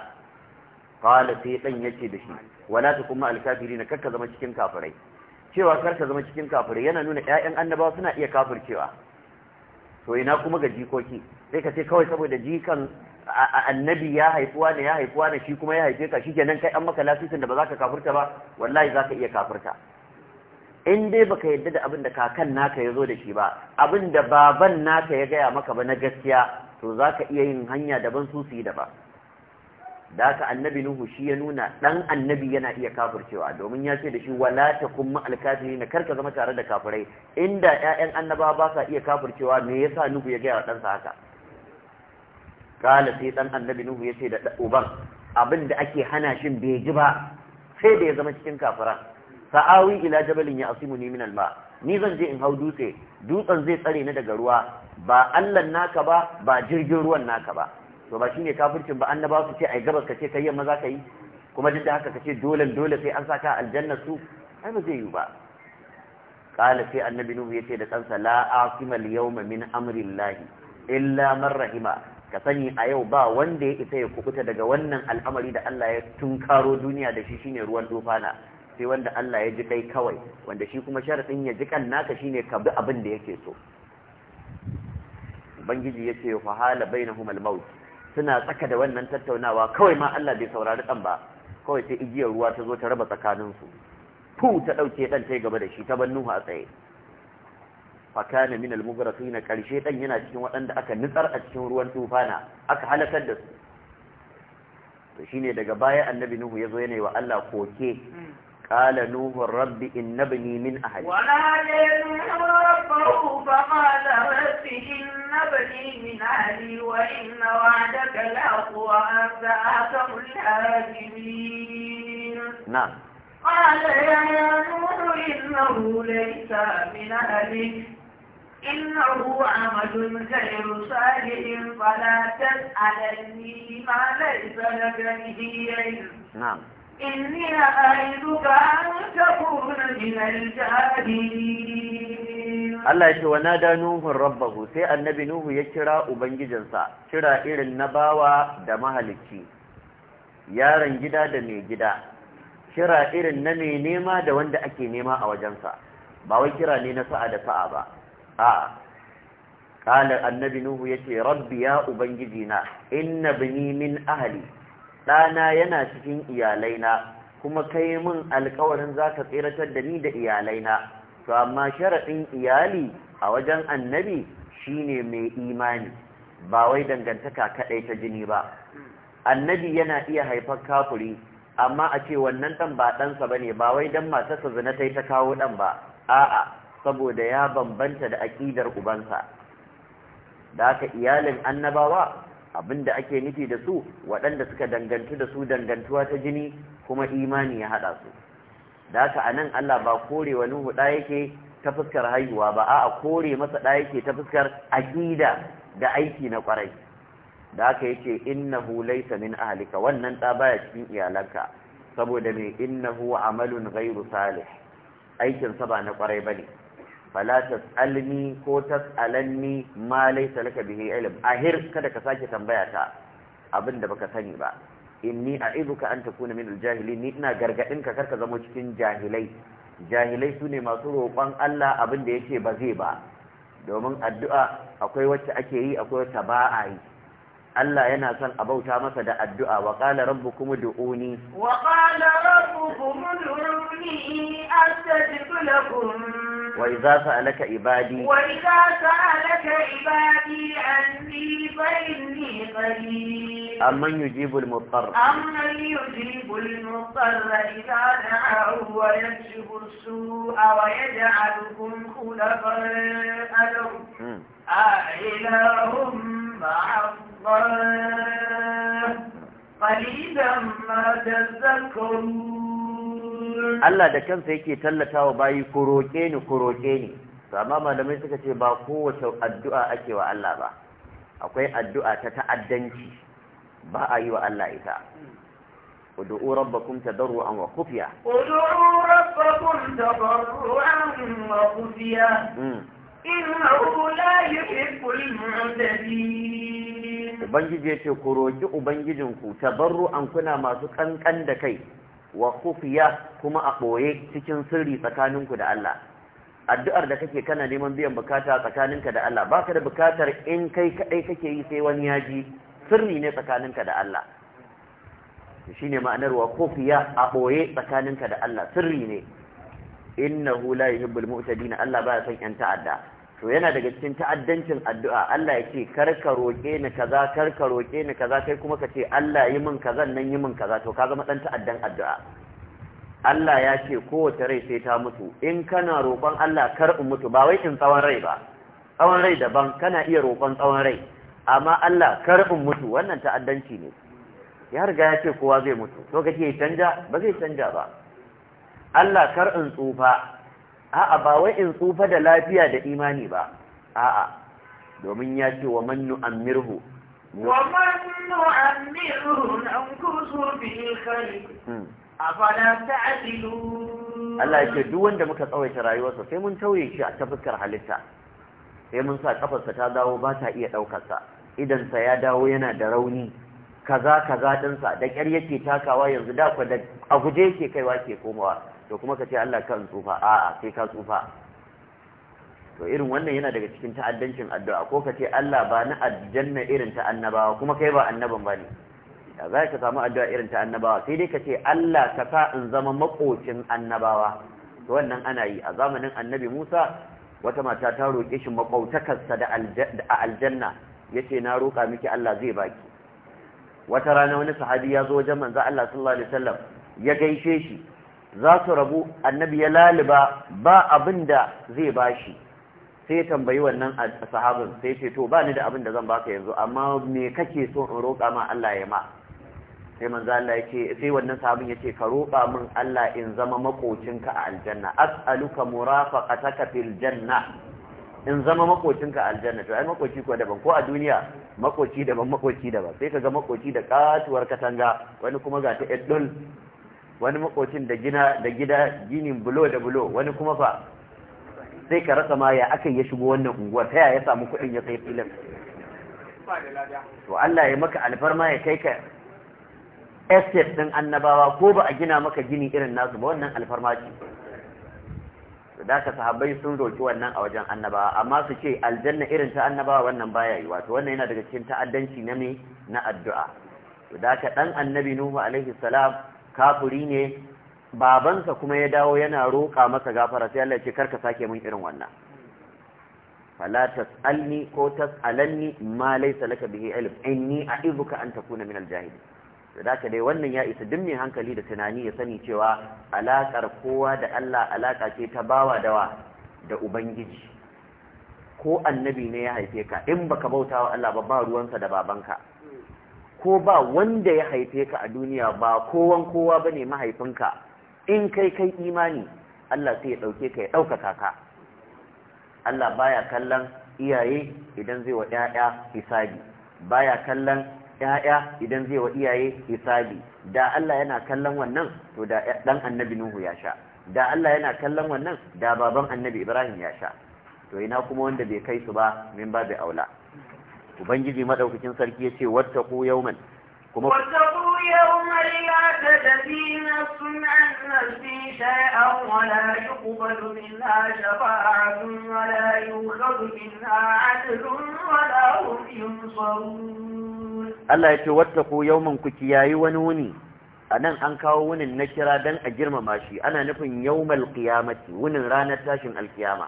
qala sai dan yace da shi wala ta kuma alkafirina karka zama cikin kafirai cewa karka zama cikin kafirai yana nuna ƴaƴan annabawa suna iya kafircewa to ina kuma ga jikoki sai ka ce kawai saboda jikan annabi ya haifuwa ne ya haifuwa ne shi kuma ya haife ka shi kenan kai an maka lasisin da ba za ka kafirta ba wallahi za ka iya kafirta in dai baka yadda da abin da kakan naka ya zo da shi ba abin da baban naka ya gaya maka ba na gaskiya to za ka iya yin hanya daban su su yi daban da haka annabi nuhu shi ya nuna dan annabi yana iya kafircewa domin ya ce da shi wala ta kuma alkafiri na karka zama tare da kafirai inda ƴaƴan annaba ba sa iya kafircewa me yasa nuhu ya gaya wa ɗansa haka kala sai dan annabi nuhu ya ce da uban abin da ake hana shin bai ji ba sai da ya zama cikin kafiran sa'awi ila jabalin ya asimu ni min alma ni zan je in hau dutse dutsen zai tsare ni daga ruwa ba Allah naka ba ba jirgin ruwan naka ba to ba shine kafircin ba annaba su ce ai gabas ka ce kai yamma za ka yi kuma duk da haka ka ce dole dole sai an saka aljanna su ai ba zai yi ba qala sai annabi nuhu yace da kansa la asima al yawma min amri llahi illa man rahima ka sani a yau ba wanda ya isa ya kubuta daga wannan al'amari da Allah ya tunkaro duniya da shi shine ruwan dofana sai wanda Allah ya ji kai kawai wanda shi kuma sharadin ya ji kan naka shine ka bi abin da yake so ubangiji yace fa hala bainahum al-maut suna tsaka da wannan tattaunawa kawai ma Allah bai saurari dan ba kawai sai igiyar ruwa ta zo ta raba tsakanin su fu ta dauke dan tai gaba da shi ta bannu a tsaye fa kana min al-mughraqina karshe dan yana cikin waɗanda aka nitsar a cikin ruwan tufana aka halakar da su to shine daga baya annabi nuhu ya zo yana wa Allah koke قال نوح رب إن ابني من أهلي ونادى نوح ربه فقال رب إن ابني من أهلي وإن وعدك الحق وأنت أحكم الحاكمين نعم قال يا نوح إنه ليس من أهلي إنه عمل غير صالح فلا تسألني ما ليس لك به علم نعم إني أعيدك أن تكون من الجاهلين الله يشي ونادى sai Annabi Nuhu ya kira ubangijinsa, kira irin na bawa da mahalicci, yaron gida da mai gida kira irin na mai nema da wanda ake nema a wajensa ba wai kira ne na sa'a da sa'a ba a kala annabi nuhu ya ce rabbi ya ubangiji na inna bani min ahali. ɗana yana cikin iyalaina kuma kai min alkawarin za ka tseratar da ni da iyalaina to amma sharaɗin iyali a wajen annabi shine mai imani ba wai dangantaka kaɗai ta jini ba annabi yana iya haifar kafuri amma a ce wannan ɗan ba ɗansa ba ne ba wai don matarsa zina ta ta kawo ɗan ba a'a saboda ya bambanta da aƙidar ubansa da iyalin annabawa abinda ake nufi da su waɗanda suka dangantu da su dangantuwa ta jini kuma imani ya haɗa su da haka nan Allah ba kore wa Nuhu ɗa yake ta fuskar haihuwa ba a'a kore masa ɗa yake ta fuskar aƙida da aiki na ƙwarai da haka yake innahu laysa min ahlika wannan ɗa baya cikin iyalanka saboda me innahu amalun ghairu salih aikin sa ba na ƙwarai bane fala tasalni ko tasalanni ma laysa laka bihi ilm ahir kada ka sake tambaya ta abinda baka sani ba inni a'iduka an takuna min aljahilin ni ina gargadin ka karka zama cikin jahilai jahilai sune masu roƙon Allah abinda yake ba zai ba domin addu'a akwai wacce ake yi akwai wacce ba a yi Allah yana son a bauta masa da addu'a wa qala rabbukum kuma du'uni. Wa qala rabbukum kuma du'uni, an وإذا سألك عبادي وإذا سألك عبادي عني فإني قريب أمن يجيب المضطر أمن يجيب المضطر إذا دعاه ويكشف السوء ويجعلكم خلفاء الأرض أإله مع الله قليلا ما تذكرون Allah da kansa yake tallata wa bayi ku roƙe ni ku roƙe ni to amma malamai suka ce ba kowace addu'a ake wa Allah ba akwai addu'a ta ta'addanci ba a yi wa Allah ita ادعوا ربكم تضرعا وخفيا ادعوا ربكم تضرعا وخفيا إنه لا يحب المعتدين Ubangiji ya ce, Ku roki Ubangijinku, tabarru kuna masu ƙanƙan da kai, wa khufiya kuma a ɓoye cikin sirri tsakaninku da Allah addu'ar da kake kana neman biyan bukata tsakaninka da Allah baka da bukatar in kai kaɗai kake yi sai wani ya ji sirri ne tsakaninka da Allah shine ma'anar wa khufiya a ɓoye tsakaninka da Allah sirri ne innahu la yuhibbul mu'tadin Allah baya son yan ta'adda to yana daga cikin ta'addancin addu'a Allah ya ce karka roƙe ni kaza karka roƙe ni kaza kai kuma ka ce Allah yi min kaza nan yi min kaza to ka zama dan ta'addan addu'a Allah ya ce kowace rai sai ta mutu in kana roƙon Allah kar in mutu ba wai in tsawon rai ba tsawon rai daban kana iya roƙon tsawon rai amma Allah kar in mutu wannan ta'addanci ne ya riga ya ce kowa zai mutu to kace ya canja ba zai canja ba Allah kar in tsufa a'a ba wai in tsufa da lafiya da imani ba a'a domin ya ce wa man nu'ammirhu ومن نعمره ننكسه في الخلق أفلا تعدلون Allah yake duk wanda muka tsawaita rayuwarsa sai mun tauye shi a tafuskar halitta sai mun sa kafarsa ta dawo ba ta iya ɗaukarsa sa ya dawo yana da rauni kaza kaza dinsa da ƙyar yake takawa yanzu da ku da a guje yake kaiwa ke komawa to kuma ka ce Allah kan tsufa a'a sai ka tsufa to irin wannan yana daga cikin ta'addancin addu'a ko ka ce Allah ba na aljanna irin ta annabawa kuma kai ba annaban bane da za ka samu addu'a irin ta annabawa sai dai ka ce Allah ka sa in zama makocin annabawa to wannan ana yi a zamanin annabi Musa wata mata ta roƙe shi maƙautakarsa da aljanna yace na roƙa miki Allah zai baki wata rana wani sahabi ya zo wajen manzo Allah sallallahu alaihi wasallam ya gaishe shi za su rabu annabi ya laliba ba abin da zai bashi sai ya tambayi wannan sahabin sai ce to ba ni da abin da zan baka yanzu amma me kake so in roƙa ma Allah ya ma sai manzo Allah ya ce sai wannan sahabin ya ce ka roƙa min Allah in zama makocinka a aljanna as'aluka murafaqataka fil janna in zama makocinka a aljanna to ai makoci ko daban ko a duniya makoci daban makoci daban sai ka ga makoci da katuwar katanga wani kuma ga ta eddol wani makocin da gina da gida ginin bulo da bulo wani kuma fa sai ka rasa ma ya aka ya shigo wannan unguwar ta ya samu kuɗin ya kai filin to Allah ya maka alfarma ya kai ka estate din annabawa ko ba a gina maka gini irin nasu ba wannan alfarma ce to da ka sahabbai sun roki wannan a wajen annabawa amma su ce aljanna irin ta annabawa wannan baya yi wato wannan yana daga cikin ta'addanci na me na addu'a to da ka dan annabi nuhu alaihi salam kafuri ne babansa kuma ya dawo yana roƙa masa gafara sai Allah ya ce karka sake min irin wannan fala tasalni ko tasalanni ma laysa laka bihi ilm inni a'idhuka an takuna min al-jahilin da ka dai wannan ya isa duk mai hankali da tunani ya sani cewa alaƙar kowa da Allah alaka ce ta bawa dawa da ubangiji ko annabi ne ya haife ka in baka bauta wa Allah ba ba ruwansa da babanka ko ba wanda ya haife ka a duniya ba kowan kowa bane mahaifinka in kai kai imani Allah sai ya ɗauke ka ya ɗaukaka ka Allah baya kallon iyaye idan zai wa ‘ya'ya hisabi baya kallon 'ya'ya idan zai wa iyaye hisabi da Allah yana kallon wannan to da dan annabi Nuhu ya sha da Allah yana kallon wannan da baban annabi Ibrahim ya sha to ina kuma wanda bai kai su ba min ba bai aula ubangiji madaukakin sarki yace wattaqu yawman kuma wattaqu yawman la tadbi nafsun an nafsi shay'an wa yuqbalu minha shafa'atun yi Allah ya ce wata wattaku yawman ku kiyayi wani wuni a nan an kawo wunin na kira dan a girmama shi ana nufin yawmal qiyamati wunin ranar tashin alkiyama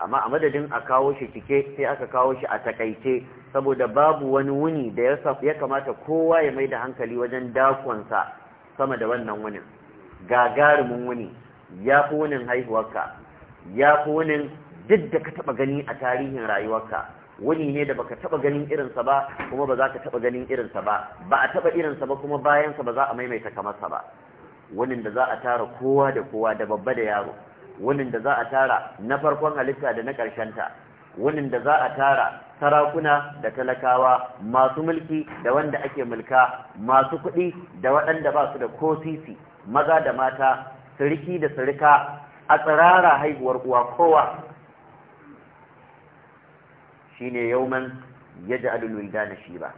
amma a madadin a kawo shi cike sai aka kawo shi a takaice saboda babu wani wuni da ya kamata kowa ya mai da hankali wajen dakonsa sama da wannan wunin gagarumin wuni ya fi wunin haihuwarka ya fi wunin duk da ka taɓa gani a tarihin rayuwarka wani ne da baka taba ganin irinsa ba kuma ba za ka taba ganin irinsa ba ba a taba irinsa ba kuma bayansa ba za a maimaita kamarsa ba wanin da za a tara kowa da kowa da babba da yaro wanin da za a tara na farkon halitta da na ta, wanin da za a tara sarakuna da talakawa masu mulki da wanda ake mulka masu kuɗi da waɗanda ba su da ko sisi maza da mata sariki da sarika a tsirara haihuwar uwa kowa شين يوما يجعل الولدان شيبا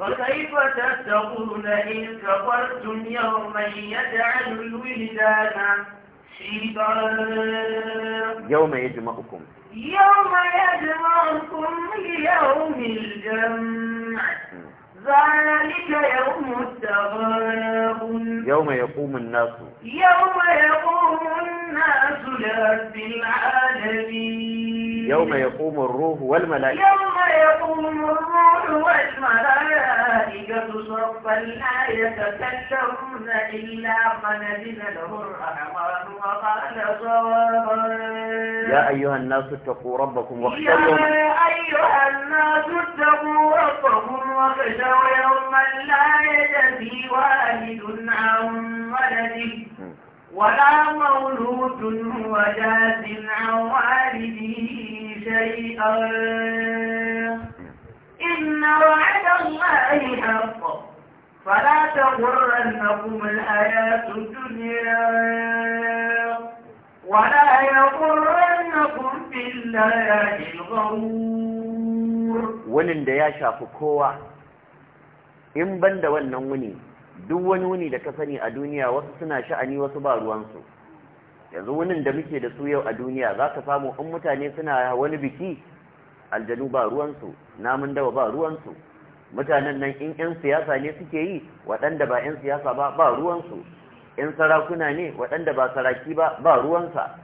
وكيف تتقون إن كفرتم يوما يجعل الولدان شيبا يوم يجمعكم يوم يجمعكم ليوم الجمع ذلك يوم التغاب يوم يقوم الناس يوم يقوم الناس لرب العالمين يوم يقوم الروح والملائكة يوم يقوم الروح والملائكة صفا لا يتكلمون إلا من أذن له الرحمن وقال صوابا يا أيها الناس اتقوا ربكم واخشوا يا أيها الناس يجزي والد عن ولده ولا مولود هو جاز عن والده شيئا إن وعد الله حق فلا تغرنكم الحياة الدنيا ولا يغرنكم بالله الغرور ولن ده يا شافوا kowa in ban da wannan wuni duk wani wuni da ka sani a duniya wasu suna sha'ani wasu ba ruwansu yanzu wunin da muke da su yau a duniya za ka samu in mutane suna wani biki aljanu ba ruwansu namun dawa ba ruwansu mutanen nan in 'yan siyasa ne suke yi waɗanda ba 'yan siyasa ba ba ruwansu in sarakuna ne waɗanda ba saraki ba ba ruwansa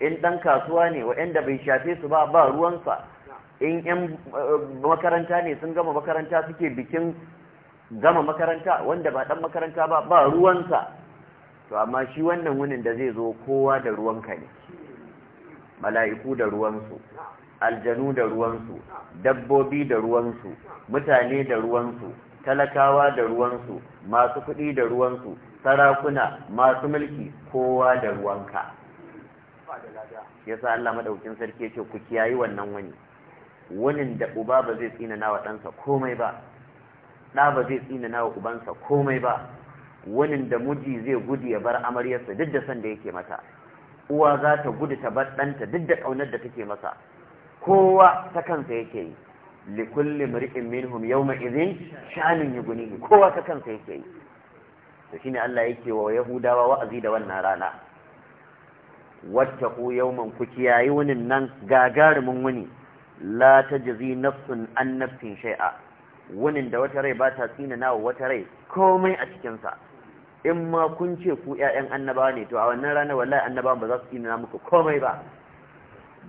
in ɗan kasuwa ne waɗanda bai shafe su ba ba ruwansa in 'yan eh, makaranta ne sun gama makaranta suke bikin gama makaranta wanda ba dan makaranta ba ba ruwansa to amma shi wannan wunin da zai zo kowa da ruwanka ne mala'iku da ruwansu aljanu da ruwansu dabbobi da ruwansu mutane da ruwansu talakawa da ruwansu masu kuɗi da ruwansu sarakuna masu mulki kowa da ruwanka yasa Allah madaukin sarki yake ku kiyayi wannan wani wunin da uba ba zai tsina na wa ɗansa komai ba da ba zai tsina nawa ubansa komai ba wani da muji zai gudu ya bar amaryarsa duk da san da yake mata uwa za ta gudu ta bar ɗanta duk da ƙaunar da take masa kowa ta kansa yake yi kulli mar'in minhum yawma idhin sha'anun yughnihi kowa ta kansa yake yi to shine Allah yake wa Yahudawa wa'azi da wannan rana wattaqu yawman ku wani nan gagarumin wani? la tajzi nafsun an nafsin shay'a wanin da wata rai ba ta tsina nawa wata rai komai a cikinsa in ma kun ce ku ‘ya'yan annabawa ne to a wannan ranar wallahi annabawan ba za su na muku komai ba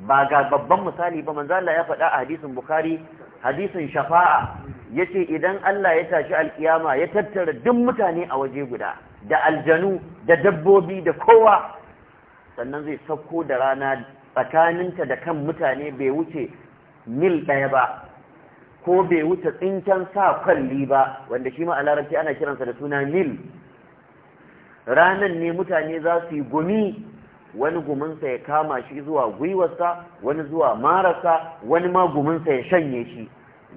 ba ga babban misali ba manzo Allah ya faɗa a hadisin Bukhari hadisin shafa'a yace idan Allah ya tashi alkiyama ya tattara duk mutane a waje guda da aljanu da dabbobi da kowa sannan zai sauko da rana tsakaninta da kan mutane bai wuce mil ɗaya ba ko bai wuce tsinken sa kwalli ba wanda shi ma a ana kiransa da suna nil ranan ne mutane za su yi gumi wani guminsa ya kama shi zuwa gwiwarsa wani zuwa marasa wani ma guminsa ya shanye shi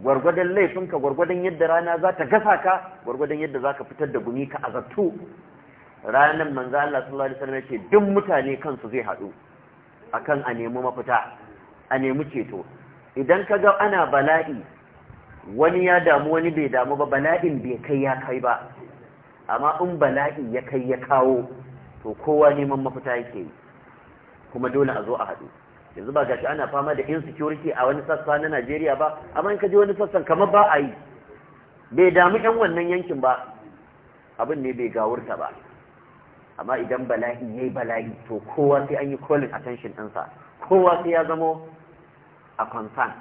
gwargwadon laifinka gwargwadon yadda rana za ta gasa ka gwargwadon yadda za ka fitar da gumi ka azabtu ranan manzo Allah sallallahu alaihi wasallam ce duk mutane kansu zai haɗu akan a nemi mafita a nemi ceto idan ka ga ana bala'i wani ya damu wani bai damu ba bala'in bai kai ya kai ba amma in bala'i ya kai ya kawo to kowa neman mafita yake yi kuma dole a zo a haɗu yanzu ba gashi ana fama da insecurity a wani sassa na Najeriya ba amma in ka je wani sassan kamar ba a yi bai damu ɗan wannan yankin ba abin ne bai gawurta ba amma idan bala'i yayi bala'i to kowa sai an yi calling attention ɗinsa kowa sai ya zamo a concern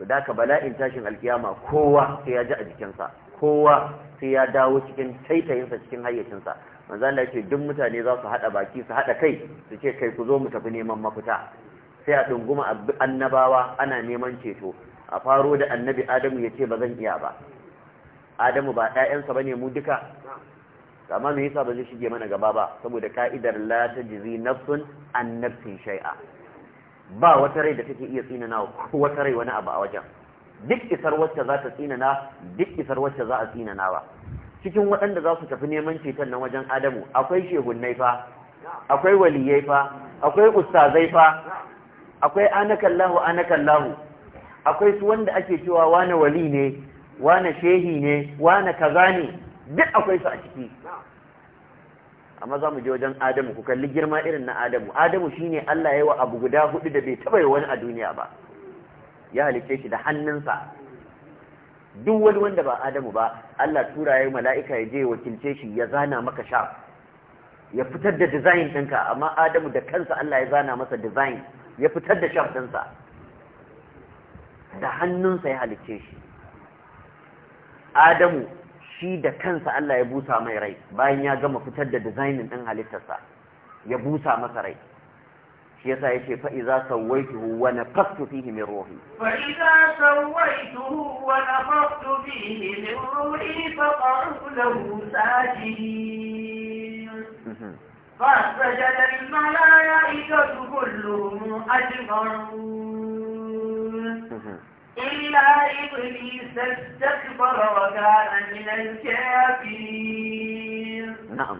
to da ka bala'in tashin alkiyama kowa sai ya ji a jikinsa kowa sai ya dawo cikin taitayinsa cikin hayyacinsa manzo Allah yake duk mutane za su hada baki su hada kai su ce kai ku zo mu tafi neman mafita sai a dunguma annabawa ana neman ceto a faro da annabi Adamu ya ce ba zan iya ba Adamu ba ɗayansa ne mu duka amma me yasa ba zai shige mana gaba ba saboda ka'idar la tajzi nafsun an nafsin shay'a ba wata rai da take iya tsinana ko wata rai wani abu a wajen duk isar wacce za ta tsinana duk isar wacce za a tsinana ba cikin waɗanda za su tafi neman ceton na wajen adamu akwai shehunnai fa akwai waliyai fa akwai ustazai fa akwai anakallahu anakallahu akwai su wanda ake cewa wani wali ne wani shehi ne wani kaza ne duk akwai su a ciki amma za mu je wajen adamu ku kalli girma irin na adamu adamu shine Allah ya yi wa abu guda hudu da bai taba yi wani a duniya ba ya halice shi da hannunsa duk wani wanda ba adamu ba Allah tura ya yi mala'ika ya je ya wakilce shi ya zana maka sha ya fitar da design ɗinka amma adamu da kansa Allah ya zana masa design ya fitar da shaf ɗinsa da hannunsa ya halicce shi adamu shi da kansa Allah ya busa mai rai bayan ya gama fitar da dizainin ɗin halittarsa ya busa masa rai shi yasa yace ce idza sawaituhu wa nafakhtu fihi min ruhi fa idza sawaituhu fa إلا إبليس استكبر وكان من الكافرين نعم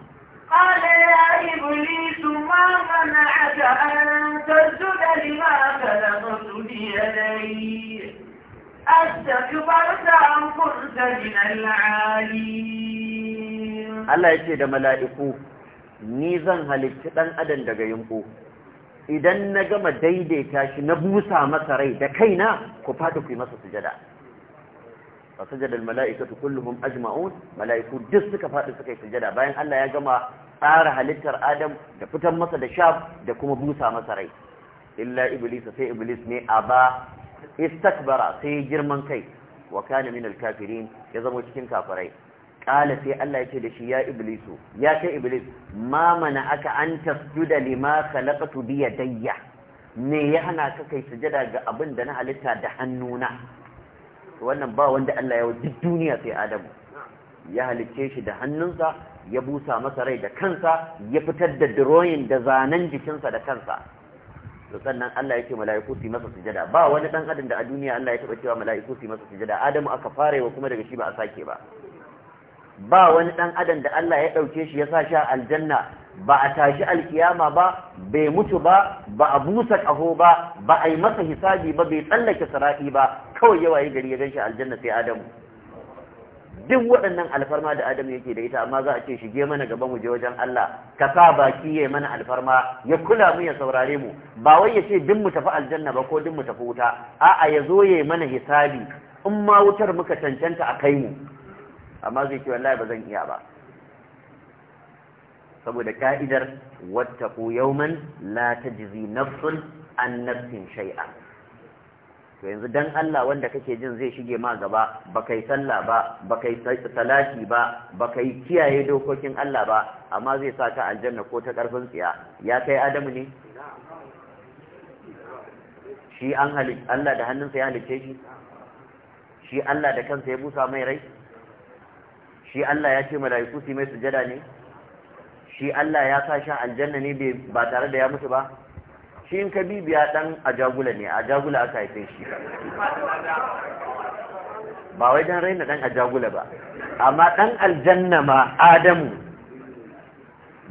قال يا إبليس ما منعك أن تسجد لما خلقت بيدي أستكبرت أم كنت من العالين الله ni zan halicci ɗan adam daga yunƙu idan na gama daidaita shi na busa masa rai da kaina ku faɗi ku yi masa sujada fa sujada al mala'ikatu kulluhum ajma'un mala'iku duk suka faɗi suka yi sujada bayan Allah ya gama tsara halittar Adam da fitan masa da shaf da kuma busa masa rai illa iblis sai iblis ne aba istakbara sai girman kai wa kana min al kafirin ya zama cikin kafirai kala sai Allah yake da shi ya iblisu ya kai iblis ma mana aka an tasjuda lima khalaqtu bi yadayya me ya hana ka kai sujada ga abin da na halitta da hannuna wannan ba wanda Allah ya wuce duniya sai Adamu ya halicce shi da hannunsa ya busa masa rai da kansa ya fitar da drawing da zanen jikinsa da kansa sannan Allah yake mala'iku su masa sujada ba wani dan adam da a duniya Allah ya taba cewa mala'iku su masa sujada Adamu aka farewa kuma daga shi ba a sake ba ba wani ɗan adam da Allah ya ɗauke shi ya sa shi aljanna ba a tashi alkiyama ba bai mutu ba ba a busa ƙaho ba ba a yi masa hisabi ba bai tsallake sara'i ba kawai yawa yi gari ya gan shi aljanna sai adamu duk waɗannan alfarma da adamu yake da ita amma za a ce shige mana gaba mu je wajen Allah ka sa baki ya mana alfarma ya kula mu ya saurare mu ba wai ya ce duk mu tafi aljanna ba ko duk mu tafi wuta a'a ya zo ya mana hisabi in ma wutar muka cancanta a kai mu amma zai ce wallahi ba zan iya ba saboda ka'idar wattaqu yawman la tajzi nafsun an nafsin shay'a to yanzu dan Allah wanda kake jin zai shige ma gaba ba kai sallah ba ba kai salati ba ba kai kiyaye dokokin Allah ba amma zai sa ka aljanna ko ta karfin tsiya ya kai Adamu ne shi an halitta Allah da hannunsa ya halicce shi shi Allah da kansa ya busa mai rai shi Allah ya ce mala'iku su mai sujada ne shi Allah ya sa shi aljanna ne ba tare da ya mutu ba shi in ka bibiya dan ajagula ne ajagula aka haife shi ba wai dan raina dan ajagula ba amma dan aljanna ma Adamu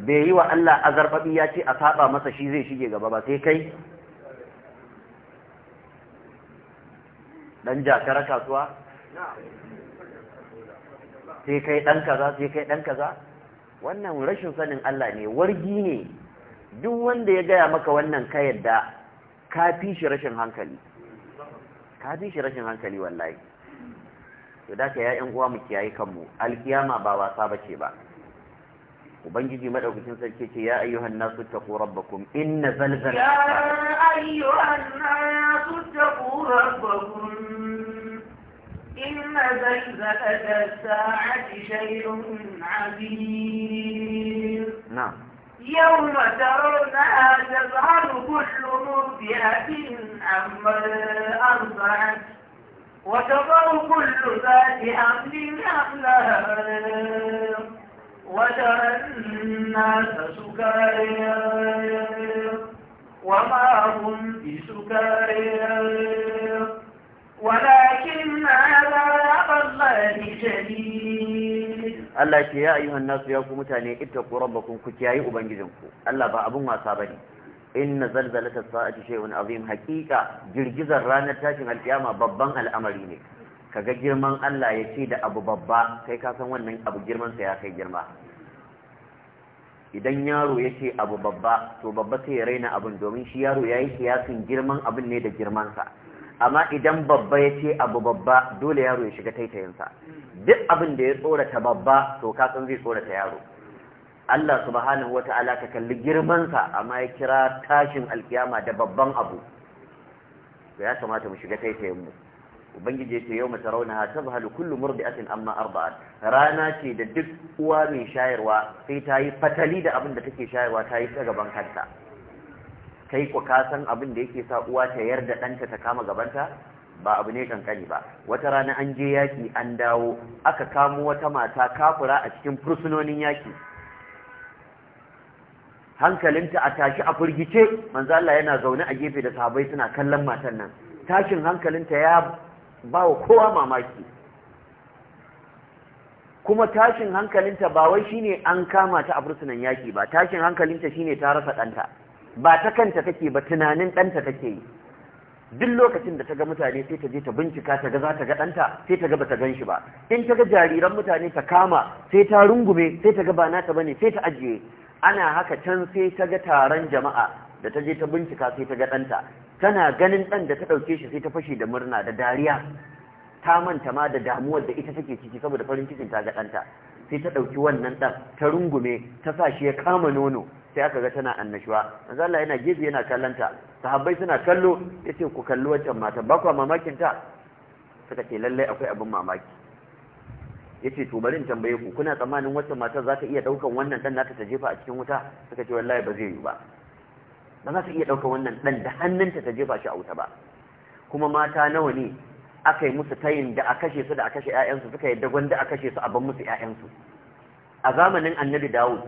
bai yi wa Allah azarfabi ya ce a saba masa shi zai shige gaba ba sai kai dan jakara kasuwa sai kai dan kaza sai kai dan kaza wannan rashin sanin Allah ne wargi ne duk wanda ya gaya maka wannan ka yadda ka fi shi rashin hankali ka fi shi rashin hankali wallahi to da ka ya'yan uwa mu kiyaye kanmu alkiyama ba wasa bace ba ubangiji madaukakin sarki ce ya ayyuhan nasu taqu rabbakum inna zalzalata ya ayyuhan nasu taqu rabbakum إن أدى الساعة شيء عبير نعم يوم ترونها تظهر كل مرضعة عما أرضعت وتظهر كل ذات حمل حملها وترى الناس سكارى وما هم بسكارى Allah ce ya ayyuhan nasu ya ku mutane ittaqu rabbakum ku kiyayi ubangijinku Allah ba abun wasa bane inna zalzalatas sa'ati shay'un azim haqiqa girgizar ranar tashin alkiyama babban al'amari ne kaga girman Allah ya ce da abu babba kai ka san wannan abu girman sa ya kai girma idan yaro ya ce abu babba to babba sai ya raina abun domin shi yaro ya yi kiyasin girman abun ne da girman sa amma idan babba ya ce abu babba dole yaro ya shiga taitayinsa duk abin da ya tsorata babba to kasan zai tsorata yaro Allah subhanahu wa ta'ala ka kalli girmansa amma ya kira tashin alkiyama da babban abu to ya kamata mu shiga taitayinmu ubangiji ya ce yau mata rauna ta zahalu kullu murdi'atin amma arba'at rana ce da duk uwa mai shayarwa sai ta yi fatali da abin da take shayarwa ta yi ta gaban kanta kai ku ka san abin da yake sa uwa ta yarda ɗanta ta kama gabanta ba abu ne kankani ba wata rana an je yaki an dawo aka kamo wata mata kafura a cikin fursunonin yaki hankalinta a tashi a firgice manzo Allah yana zaune a gefe da sahabbai suna kallon matan nan tashin hankalinta ya ba wa kowa mamaki kuma tashin hankalinta ba wai shine an kama ta a fursunan yaki ba tashin hankalinta shine ta rasa ɗanta ba ta kanta take ba tunanin ɗanta take yi duk lokacin da ta ga mutane sai ta je ta bincika ta ga za ta ga ɗanta sai ta ga ba ta gan shi ba in ta ga jariran mutane ta kama sai ta rungume sai ta ga ba nata bane sai ta ajiye ana haka can sai ta ga taron jama'a da ta je ta bincika sai ta ga ɗanta tana ganin ɗan da ta ɗauke shi sai ta fashe da murna da dariya ta manta ma da damuwar da ita take ciki saboda farin cikin ta ga ɗanta sai ta ɗauki wannan ɗan ta rungume ta sa shi ya kama nono sai aka ga tana annashuwa manzo Allah yana gizi yana kallanta sahabbai suna kallo yace ku kalli wancan mata ba kwa mamakin ta suka ce lalle akwai abin mamaki yace to bari in tambaye ku kuna tsammanin wancan mata za ta iya daukan wannan dan nata ta jefa a cikin wuta suka ce wallahi ba zai yi ba ba za ta iya daukan wannan dan da hannunta ta jefa shi a wuta ba kuma mata nawa ne aka yi musu tayin da a kashe su da a kashe 'ya'yansu suka yi dagon da a kashe su a ban musu 'ya'yansu a zamanin annabi dawud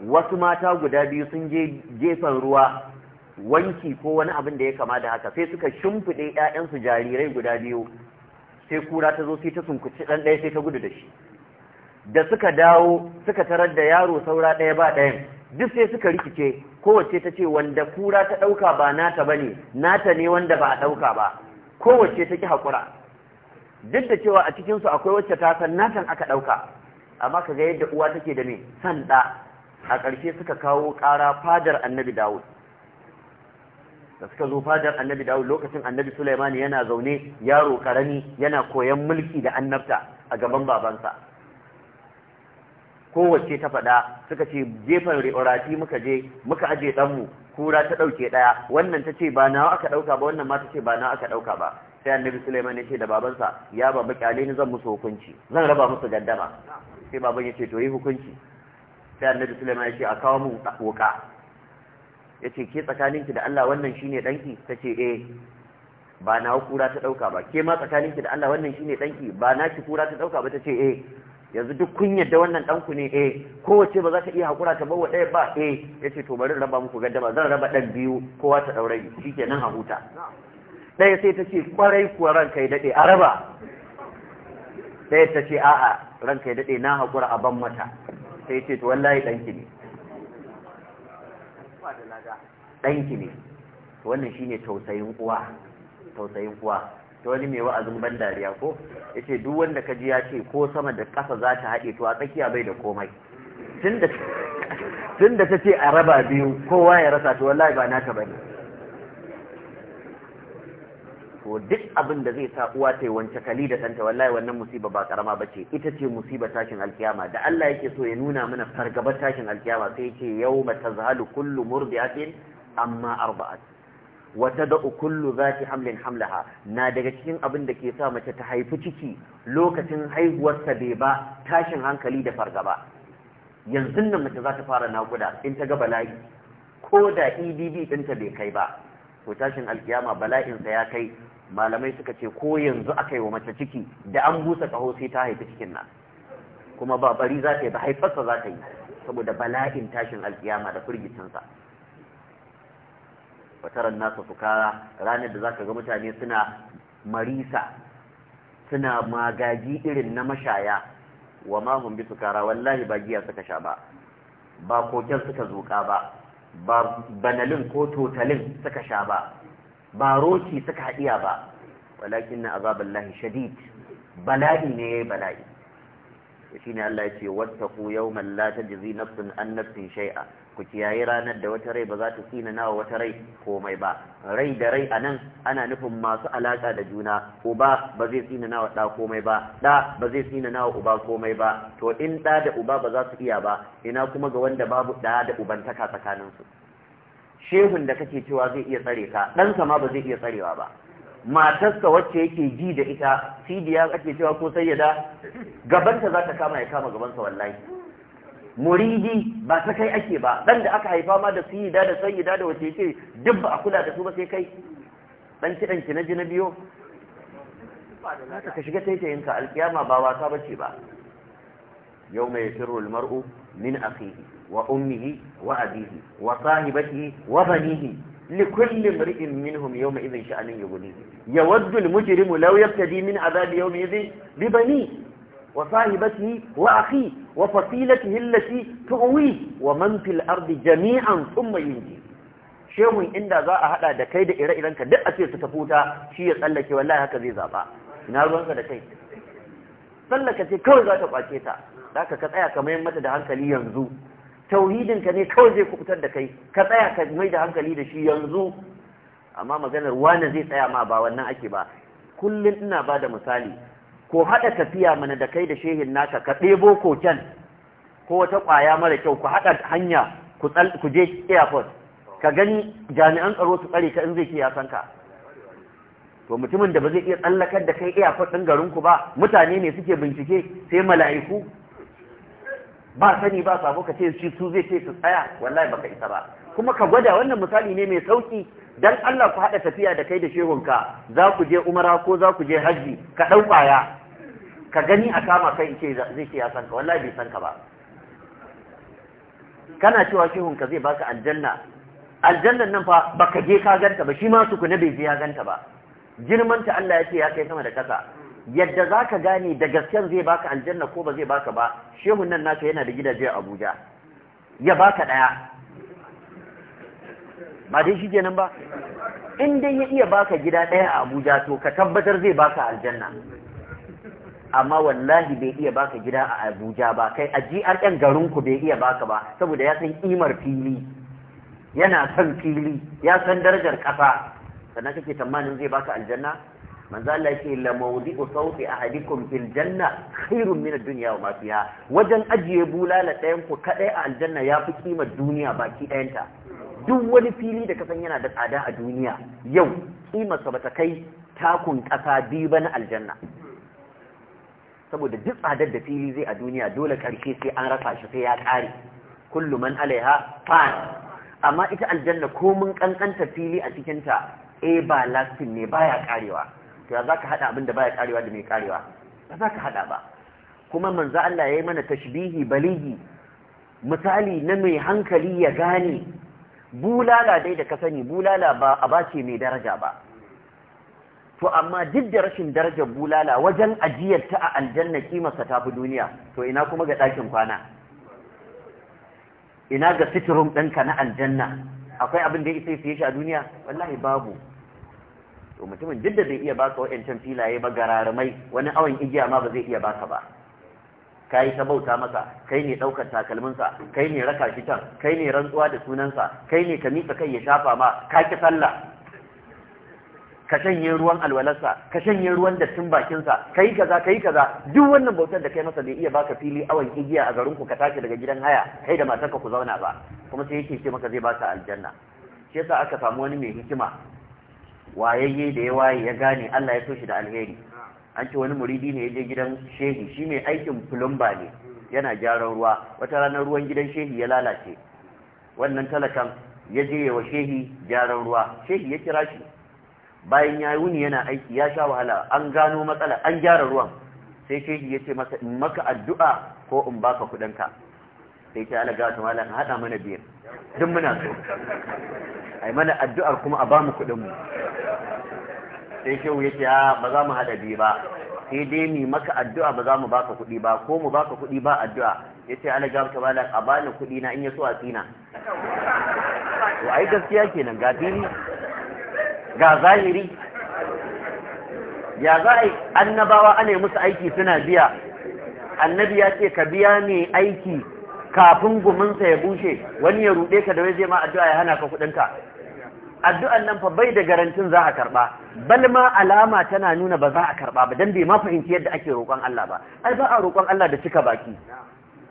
wasu mata guda biyu sun je gefen ruwa wanki ko wani abin da ya kama da haka sai suka shimfiɗe ƴaƴansu jarirai guda biyu sai kura ta zo sai ta sunkuci ɗan ɗaya sai ta gudu da shi da suka dawo suka tarar da yaro saura ɗaya ba ɗayan duk sai suka rikice kowace ta ce wanda kura ta ɗauka ba nata ba ne nata ne wanda ba a ɗauka ba kowace ta ƙi haƙura duk da cewa a cikinsu akwai wacce ta san natan aka ɗauka amma ka ga yadda uwa take da me san ɗa a ƙarshe suka kawo ƙara fadar annabi dawud da suka zo fadar annabi dawud lokacin annabi sulaimani yana zaune yaro ƙarami yana koyan mulki da annabta a gaban babansa kowace ta faɗa suka ce jefan ri'orati muka je muka aje ɗanmu kura ta ɗauke ɗaya wannan ta ce ba nawa aka ɗauka ba wannan ma ta ce ba nawa aka ɗauka ba sai annabi Sulaiman ya ce da babansa ya baba kyale ni zan musu hukunci zan raba musu gaddama sai baban ya ce to yi hukunci sai annabi sulaiman ya ce a kawo mu wuka ya ce ke tsakaninki da Allah wannan shine danki ta ce eh ba na kura ta dauka ba ke ma tsakaninki da Allah wannan shine danki ba na ki kura ta dauka ba ta ce eh yanzu duk kun yadda wannan danku ne eh kowace ba za ta iya hakura ta bawa ɗaya ba eh ya ce to bari raba muku gaddama zan raba ɗan biyu kowa ta shi shikenan a huta ɗaya sai ta ce kwarai kuwa ranka ya daɗe a raba ɗaya ta ce a'a ranka ya daɗe na hakura a ban mata sai ce to wallahi ɗanki ne ɗanki ne to wannan shine tausayin uwa tausayin uwa ta wani mai wa'azin ban dariya ko yace duk wanda ka ji ya ce ko sama da kasa za ta haɗe to a tsakiya bai da komai tunda da ta ce a raba biyu kowa ya rasa to wallahi ba naka bane to duk abin da zai sa uwa ta yi wance kali da ɗanta wallahi wannan musiba ba karama ba ce ita ce musiba tashin alkiyama da Allah yake so ya nuna mana fargabar tashin alkiyama sai yake yau tazhalu kullu murdi'atin amma arba'at wa tad'u kullu zati hamlin hamlaha na daga cikin abin da ke sa mace ta haifi ciki lokacin haihuwar sa bai ba tashin hankali da fargaba yanzu nan mace za ta fara nakuda in ta ga bala'i ko da EDB ɗinta bai kai ba Ko tashin alkiyama bala'in sa ya kai malamai suka ce ko yanzu aka yi wa mace ciki da an busa kaho sai ta haifi cikin nan kuma ba bari za ta yi ba haifarsa za ta yi saboda bala'in tashin alkiyama da firgicinsa wataran nasa fukara ranar da za ka ga mutane suna marisa suna magaji irin na mashaya wa mahun bi sukara wallahi ba giya suka sha ba ba koken suka zuƙa ba ba banalin ko totalin suka sha ba ba roki suka haɗiya ba walakin na azabar lahi shadid bala'i ne ya yi bala'i shi ne Allah ya ce wata ku yau mallata jizi an nafsin shai'a ku kiyaye ranar da wata rai ba za ta tsina nawa wata rai komai ba rai da rai a nan ana nufin masu alaƙa da juna uba ba zai tsina nawa ɗa komai ba ɗa ba zai tsina nawa uba komai ba to in ɗa da uba ba za su iya ba ina kuma ga wanda babu ɗa da ubantaka tsakaninsu shehun da kake cewa zai iya tsare ka ɗansa ma ba zai iya tsarewa ba matarsa wacce yake ji da ita sidiya ake cewa ko sayyada gabanta za ta kama ya kama gabansa wallahi muridi ba ta kai ake ba ɗan da aka haifa ma da sidiya da sayyida da wacce yake duk ba a kula da su ba sai kai ɗan kiɗan ki na ji na biyo ka shiga taitayinka alkiyama ba wasa bace ba يوم يفر المرء من أخيه وأمه وأبيه وصاحبته وبنيه لكل امرئ منهم يومئذ شأن يغنيه يود المجرم لو يبتدي من عذاب يومئذ ببنيه وصاحبته وأخيه وفصيلته التي تؤويه ومن في الأرض جميعا ثم ينجيه shehun inda za a hada da kai da ire-irenka duk a ce su tafi wuta shi ya tsallake wallahi haka zai zaba ina ruwanka da kai tsallaka ce kawai za ta kwace ta haka ka tsaya ka mayar mata da hankali yanzu tauhidin ka ne kawai zai kubutar da kai ka tsaya ka mai da hankali da shi yanzu amma maganar wani zai tsaya ma ba wannan ake ba kullum ina ba da misali ko haɗa tafiya mana da kai da shehin naka ka ɗebo koken ko wata ƙwaya mara kyau ku haɗa hanya ku je airport ka gani jami'an tsaro su tsare ka in zai ke ya san to mutumin da ba zai iya tsallakar da kai airport ɗin garinku ba mutane ne suke bincike sai mala'iku ba sani ba sabo ka ce shi su zai ce su tsaya wallahi baka isa ba kuma ka gwada wannan misali ne mai sauki dan Allah ku haɗa tafiya da kai da shehunka za ku je umara ko za ku je hajji ka dau baya ka gani a kama kai ce zai ce ya san ka wallahi bai san ka ba kana cewa shehunka zai baka aljanna aljannan nan fa baka je ka ganta ba shi ma su kuna bai je ya ganta ba girman ta Allah ya ce ya kai sama da kasa yadda za ka gane da gasken zai baka aljanna ko ba zai baka ba shehun nan naka yana da gidaje a abuja ya baka ɗaya ba dai shi kenan ba in ya iya baka gida ɗaya a abuja to ka tabbatar zai baka aljanna amma wallahi bai iya baka gida a abuja ba kai a grn garinku bai iya baka ba saboda ya san imar fili yana san fili ya san darajar ƙasa sannan kake tamanin zai baka aljanna manzo Allah yake la mawdi'u sawti ahadikum fil janna khairun min ad-dunya wa ma fiha wajen ajiye bulala ɗayan ku kadai a aljanna yafi kimar duniya baki ɗayanta duk wani fili da kasan yana da tsada a duniya yau kimar sa bata kai takun kasa biyu ba na aljanna saboda duk tsadar da fili zai a duniya dole karshe sai an rasa shi sai ya kare kullu man alaiha fan amma ita aljanna ko mun kankanta fili a cikinta eh ba lasting ne baya karewa to ya za ka haɗa abin da baya karewa da mai karewa ba za ka haɗa ba kuma manzo Allah ya yi mana tashbihi baligi misali na mai hankali ya gane bulala dai da ka sani bulala ba a bace mai daraja ba to amma duk da rashin darajar bulala wajen ajiyar ta a aljanna kimarsa ta fi duniya to ina kuma ga ɗakin kwana ina ga sitirin ɗinka na aljanna akwai abin da ya isa ya shi a duniya wallahi babu to mutumin duk da zai iya baka wa'yancan filaye ba gararumai wani awon igiya ma ba zai iya baka ba ka yi ta bauta masa kai ne ɗaukar takalminsa kai ne raka shi can kai ne rantsuwa da sunansa kai ne ka miƙa kai ya shafa ma ka ki sallah ka shanye ruwan alwalarsa ka shanye ruwan dattin bakinsa ka yi kaza ka yi kaza duk wannan bautar da kai masa bai iya baka fili awon igiya a garin ku ka tashi daga gidan haya kai da matarka ku zauna ba kuma sai yake ce maka zai baka aljanna shi yasa aka samu wani mai hikima wayayye da ya waye ya gane Allah ya so shi da alheri an ce wani muridi ne ya je gidan shehi shi mai aikin fulumba ne yana gyaran ruwa wata ranar ruwan gidan shehi ya lalace wannan talakan ya je wa shehi gyaran ruwa shehi ya kira shi bayan ya wuni yana aiki ya sha wahala an gano matsala an gyara ruwan sai shehi ya ce in maka addu'a ko in baka kuɗinka sai ta alaga ta malam haɗa mana biyar duk muna so ai mana addu'ar kuma a bamu kuɗin mu sai shehu yake a ba za mu haɗa biyu ba sai dai mu maka addu'a ba za mu baka kuɗi ba ko mu baka kuɗi ba addu'a yace ala gabta bala a bani kuɗi na in ya so a tsina to ai gaskiya kenan ga dini ga zahiri ya za a annabawa ana musu aiki suna biya annabi ya ce ka biya ne aiki kafin guminsa ya bushe wani ya ruɗe ka da wai zai ma addu'a ya hana ka kuɗinka addu'an nan fa bai da garantin za a karɓa bal ma alama tana nuna ba za a karɓa ba dan bai ma fahimci yadda ake roƙon Allah ba ai ba a roƙon Allah da cika baki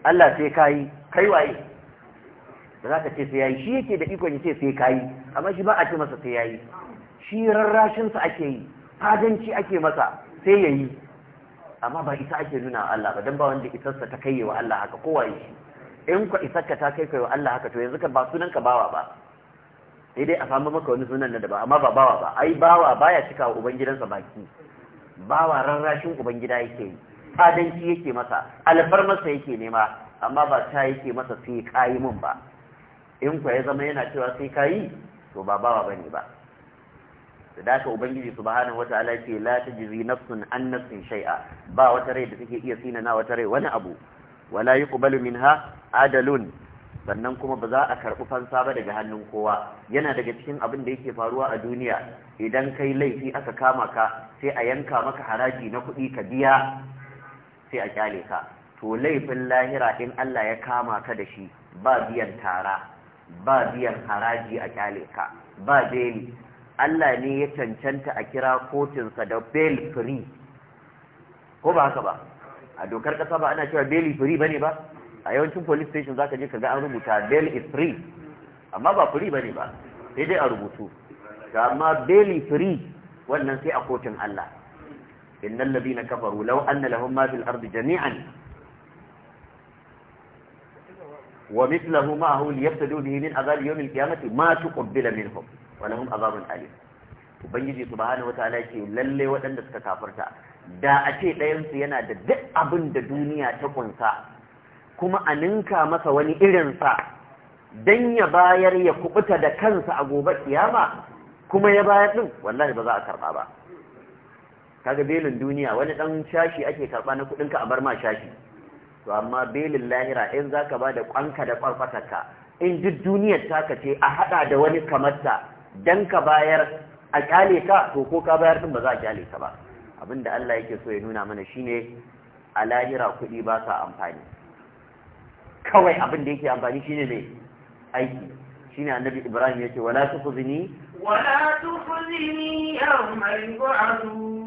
Allah sai kai kai waye ba za ka ce sai yayi shi yake da ikon ce sai kai amma shi ba a ce masa sai yayi shi rarrashin sa ake yi fadanci ake masa sai yayi amma ba isa ake nuna Allah ba dan ba wanda isarsa ta kaiye wa Allah haka kowa shi in ku ka ta kai kaiwa Allah haka to yanzu ka ba sunan ka bawa ba sai dai a samu maka wani sunan na daban amma ba bawa ba ai bawa baya cika wa ubangidansa baki bawa rarrashin ubangida yake yi fadanci yake masa alfarmarsa yake nema amma ba ta yake masa sai kayi mun ba in ku ya zama yana cewa sai kayi to ba bawa bane ba da ka ubangiji subhanahu wataala ce la tajzi nafsun an nafsin shay'a ba wata rai da take iya sinana wata rai wani abu wala yuqbalu ha? adalun sannan kuma ba za a karɓi fansa ba daga hannun kowa yana daga cikin abin da yake faruwa a duniya idan kai laifi aka kama ka sai a yanka maka haraji na kuɗi ka biya sai a kyale ka to laifin lahira in Allah ya kama ka da shi ba biyan tara ba biyan haraji a kyale ka ba beli Allah ne ya cancanta a kira kotinsa da bel free ko ba haka ba a dokar kasa ba ana cewa bail is free bane ba a yawancin police station zaka je kaga an rubuta bail is free amma ba free bane ba sai dai a rubutu amma bail is free wannan sai a kotun Allah innal ladina kafaru law anna lahum ma fil ardi jami'an wa mithluhu ma'ahu liyaftadu bihi min azab yawm al-qiyamati ma tuqbila minhum wa lahum azabun alim ubangiji subhanahu wataala yake lalle waɗanda suka kafarta da a ce ɗayansu yana da duk abin da duniya ta kunsa kuma a ninka masa wani irinsa don ya bayar ya kubuta da kansa a gobe kiyama kuma ya bayar ɗin wallahi ba za a karɓa ba kaga belin duniya wani ɗan shashi ake karɓa na kuɗinka a bar ma shashi to amma belin lahira in za ka ba da ƙwanka da ƙwarfatarka in duk duniyar taka ce a haɗa da wani kamarta don ka bayar a kyale ka to ko ka bayar ɗin ba za a kyale ka ba abin da Allah yake so ya nuna mana shine a lahira kuɗi ba sa amfani kawai abin da yake amfani shine ne aiki shine annabi Ibrahim yake wala tukhzini wala tukhzini yawma yub'athun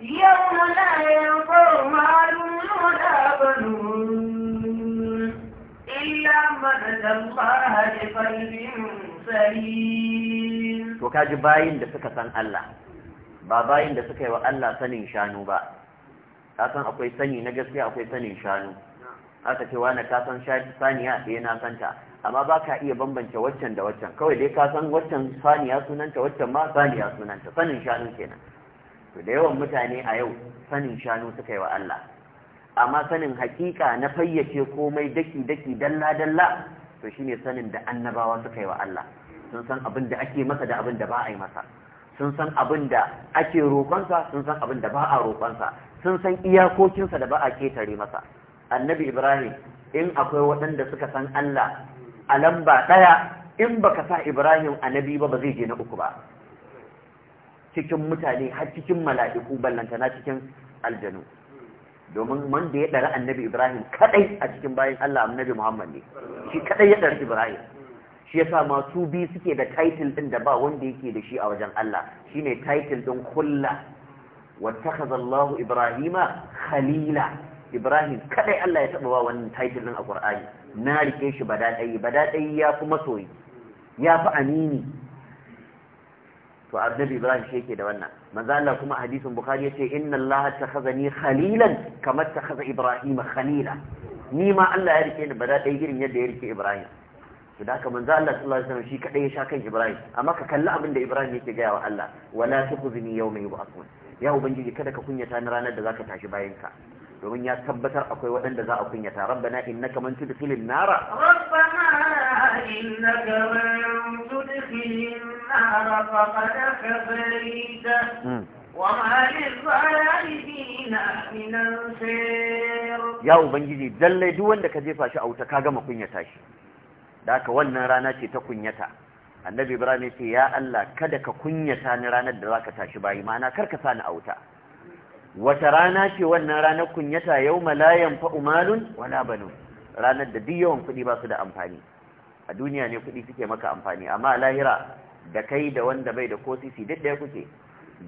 يوم لا ينفع مال ولا بنون إلا من أتى الله to kaji bayin da suka san Allah ba bayin da suka yi wa Allah sanin shanu ba ka san akwai sani na gaskiya akwai sanin shanu Haka ce na ka san saniya da eh, na santa amma ba ka iya bambance waccan da waccan kawai dai ka san waccan saniya sunanta waccan ma saniya sunanta sanin shanu kenan to da yawan mutane a yau sanin shanu suka yi wa Allah amma sanin hakika na fayyace komai daki-daki dalla-dalla to shine sanin da annabawa suka yi wa Allah sun san abin da ake masa da abin da ba a yi masa sun san abin da ake roƙonsa sun san abin da ba a roƙonsa sun san iyakokinsa da ba a ketare masa annabi ibrahim in akwai waɗanda suka san allah a lamba ɗaya in baka sa ibrahim annabi ba ba zai je na uku ba cikin mutane har cikin mala'iku ballantana cikin aljanu domin wanda ya ɗari annabi ibrahim kaɗai a cikin bayan allah annabi muhammad ne shi kaɗai ya ɗari ibrahim shi yasa masu bi suke da title din da ba wanda yake da shi a wajen Allah shine title din kulla wattakhadha Allahu Ibrahima khalila Ibrahim kadai Allah ya taba wa wannan title din a Qur'ani na rike shi bada badadai ya fi masoyi ya fi amini to annabi Ibrahim shi yake da wannan manzo Allah kuma hadisin Bukhari yace inna Allah takhazani khalilan kama takhaza Ibrahim khalila ni ma Allah ya rike ni badadai irin yadda ya rike Ibrahim to da haka manzo Allah sallallahu alaihi wasallam shi kadai ya sha kan Ibrahim amma ka kalli abin da Ibrahim yake gaya wa Allah wala tukhzini yawma yub'athun ya ubangiji kada ka kunyata na ranar da zaka tashi bayan ka domin ya tabbatar akwai waɗanda za a kunyata rabbana innaka man tudkhilin nara rabbana innaka man tudkhilin nara faqad kafarita hmm. ya ubangiji lallai duk wanda ka jefa shi a wuta ka gama kunyata shi da haka wannan rana ce ta kunyata annabi ibrahim ya ce ya Allah kada ka kunyata ni ranar da zaka tashi bayi ma'ana kar ka sani auta wata rana ce wannan ranar kunyata yau malayan fa umalun wala banu ranar da duk yawan kuɗi ba su da amfani a duniya ne kuɗi suke maka amfani amma lahira da kai da wanda bai da ko sisi duk da kuke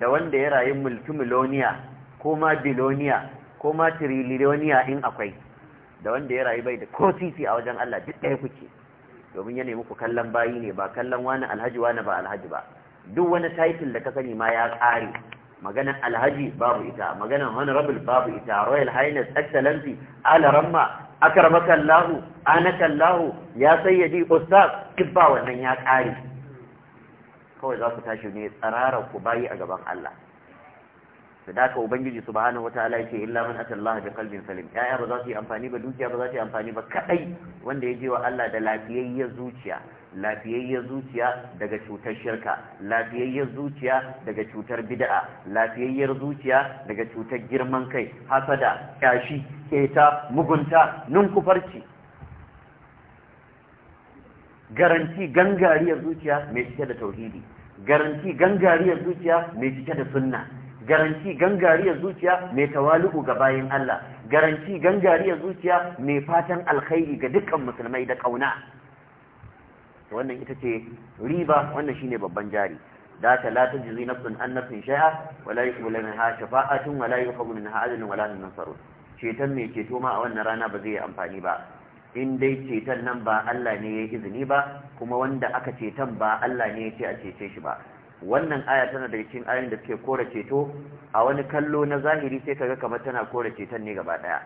da wanda ya rayu multimiloniya ko ma biloniya ko ma in akwai da wanda ya rayu bai da ko sisi a wajen Allah duk ɗaya kuke domin ya nemi ku kallon bayi ne ba kallon wani alhaji wani ba alhaji ba duk wani title da ka sani ma ya ƙare maganan alhaji babu ita maganan honorable babu ita royal highness excellency ramma akramaka Allah anaka Allah ya sayyidi ustaz duk ba wannan ya ƙare kawai za ku tashi ne tsararar ku bayi a gaban Allah sadaka ubangiji subhanahu wataala yake illa man ata Allah bi qalbin salim yaya ba za su yi amfani ba dukiya ba za ta yi amfani ba kadai wanda ya je wa Allah da lafiyayyar zuciya lafiyayyar zuciya daga cutar shirka lafiyayyar zuciya daga cutar bid'a lafiyayyar zuciya daga cutar girman kai hasada kashi keta mugunta ninkufarci garanti gangariyar zuciya mai cike da tauhidi garanti gangariyar zuciya mai cike da sunna garanti gangariyar zuciya mai tawali'u ga bayin Allah garanti gangariyar zuciya mai fatan alkhairi ga dukkan musulmai da kauna wannan ita ce riba wannan shine babban jari da ta la jizi nafsun an nafsin shay'a wala yuqbalu ha shafa'atun wala yuqbalu lana adlun wala nansarun ceton mai ceto ma a wannan rana ba zai yi amfani ba in dai ceton nan ba Allah ne ya izini ba kuma wanda aka ceton ba Allah ne ya ce a cece shi ba wannan aya tana daga cikin ayoyin da suke kore ceto a wani kallo na zahiri sai kaga kamar tana kore ceton ne gaba daya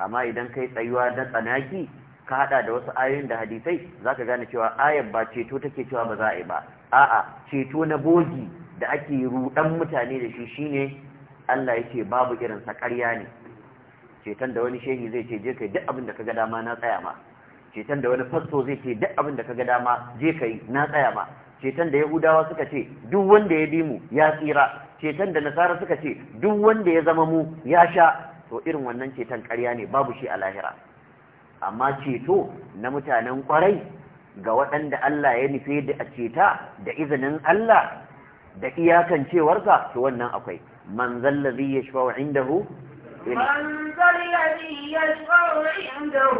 amma idan kai tsayuwa na tsanaki ka hada da wasu ayoyin da hadisai zaka gane cewa ayar ba ceto take cewa ba za a yi ba a'a ceto na bogi da ake rudan mutane da shi shine Allah yake babu irin sa ƙarya ne ceton da wani shehi zai ce je kai duk abin da kaga dama na tsaya ma ceton da wani fasto zai ce duk abin da kaga dama je kai na tsaya ma ceton da yahudawa suka ce duk wanda ya bi mu ya tsira ceton da nasara suka ce duk wanda ya zama mu ya sha to irin wannan ceton karya ne babu shi a lahira amma ceto na mutanen kwarai ga waɗanda Allah ya nufe da a ceta da izinin Allah da iyakan cewarsa to wannan akwai man zallazi yashfa'u indahu من ذا الذي يشفع عنده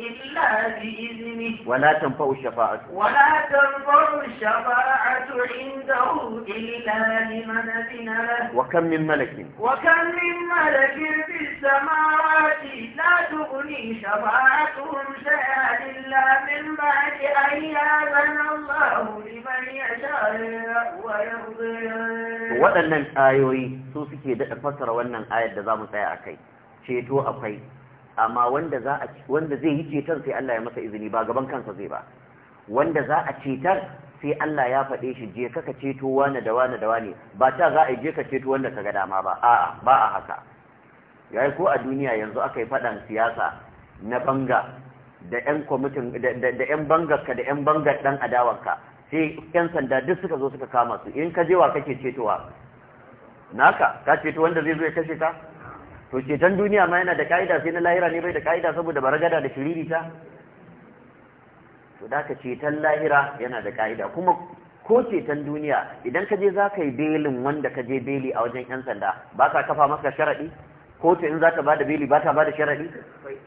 إلا بإذنه ولا تنفع الشفاعة ولا تنفع الشفاعة عنده إلا لمن أذن له وكم من ملك وكم من ملك في السماوات لا تغني شفاعتهم شيئا إلا من بعد أن يأذن الله لمن يشاء ويرضي waɗannan ayoyi su suke daɗa fassara wannan ayar da za mu tsaya a kai ceto akwai amma wanda za a wanda zai yi cetar sai Allah ya masa izini ba gaban kansa zai ba wanda za a cetar sai Allah ya faɗe shi je kaka ceto wani da wani da wani ba ta za a je ka ceto wanda ka ga dama ba a'a ba a haka yayi ko a duniya yanzu aka yi faɗan siyasa na banga da yan kwamitin da bangar ka da yan bangar adawar ka sai ƴan sanda duk suka zo suka kama su in ka je wa kake cetowa naka ka ceto wanda zai zo ya kashe ka to ceton duniya ma yana da ka'ida sai na lahira ne bai da ka'ida saboda baragada da ta. to da ka ceton lahira yana da ka'ida kuma ko ceton duniya idan ka je za ka yi belin wanda ka je beli a wajen 'yan sanda ba ka kafa maka sharaɗi kotu in zata bada beli ba ta sharaɗi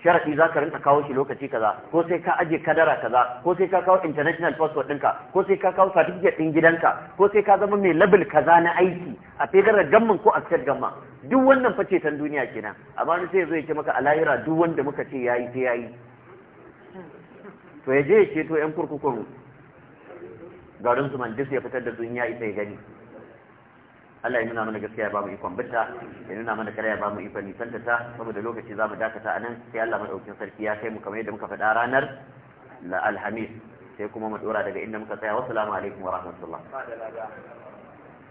sharaɗi za ka rinka kawo shi lokaci kaza ko sai ka aje kadara kaza ko sai ka kawo international passport ɗinka ko sai ka kawo certificate ɗin gidanka ko sai ka zama mai label kaza na aiki a federal gamman ko a state gamma duk wannan face tan duniya kenan amma sai zo ya ce maka a lahira duk wanda muka ce yayi sai yayi to ya je ya ceto yan kurkukun garin su man ya fitar da duniya ya isa ya gani Allah ya nuna mana gaskiya ba mu ikon bata ya nuna mana karya ba mu ikon nisanta ta saboda lokaci za mu dakata a nan sai Allah madaukakin sarki ya kai mu kamar yadda muka faɗa ranar la alhamis sai kuma mu ɗora daga inda muka tsaya wassalamu alaikum wa rahmatullah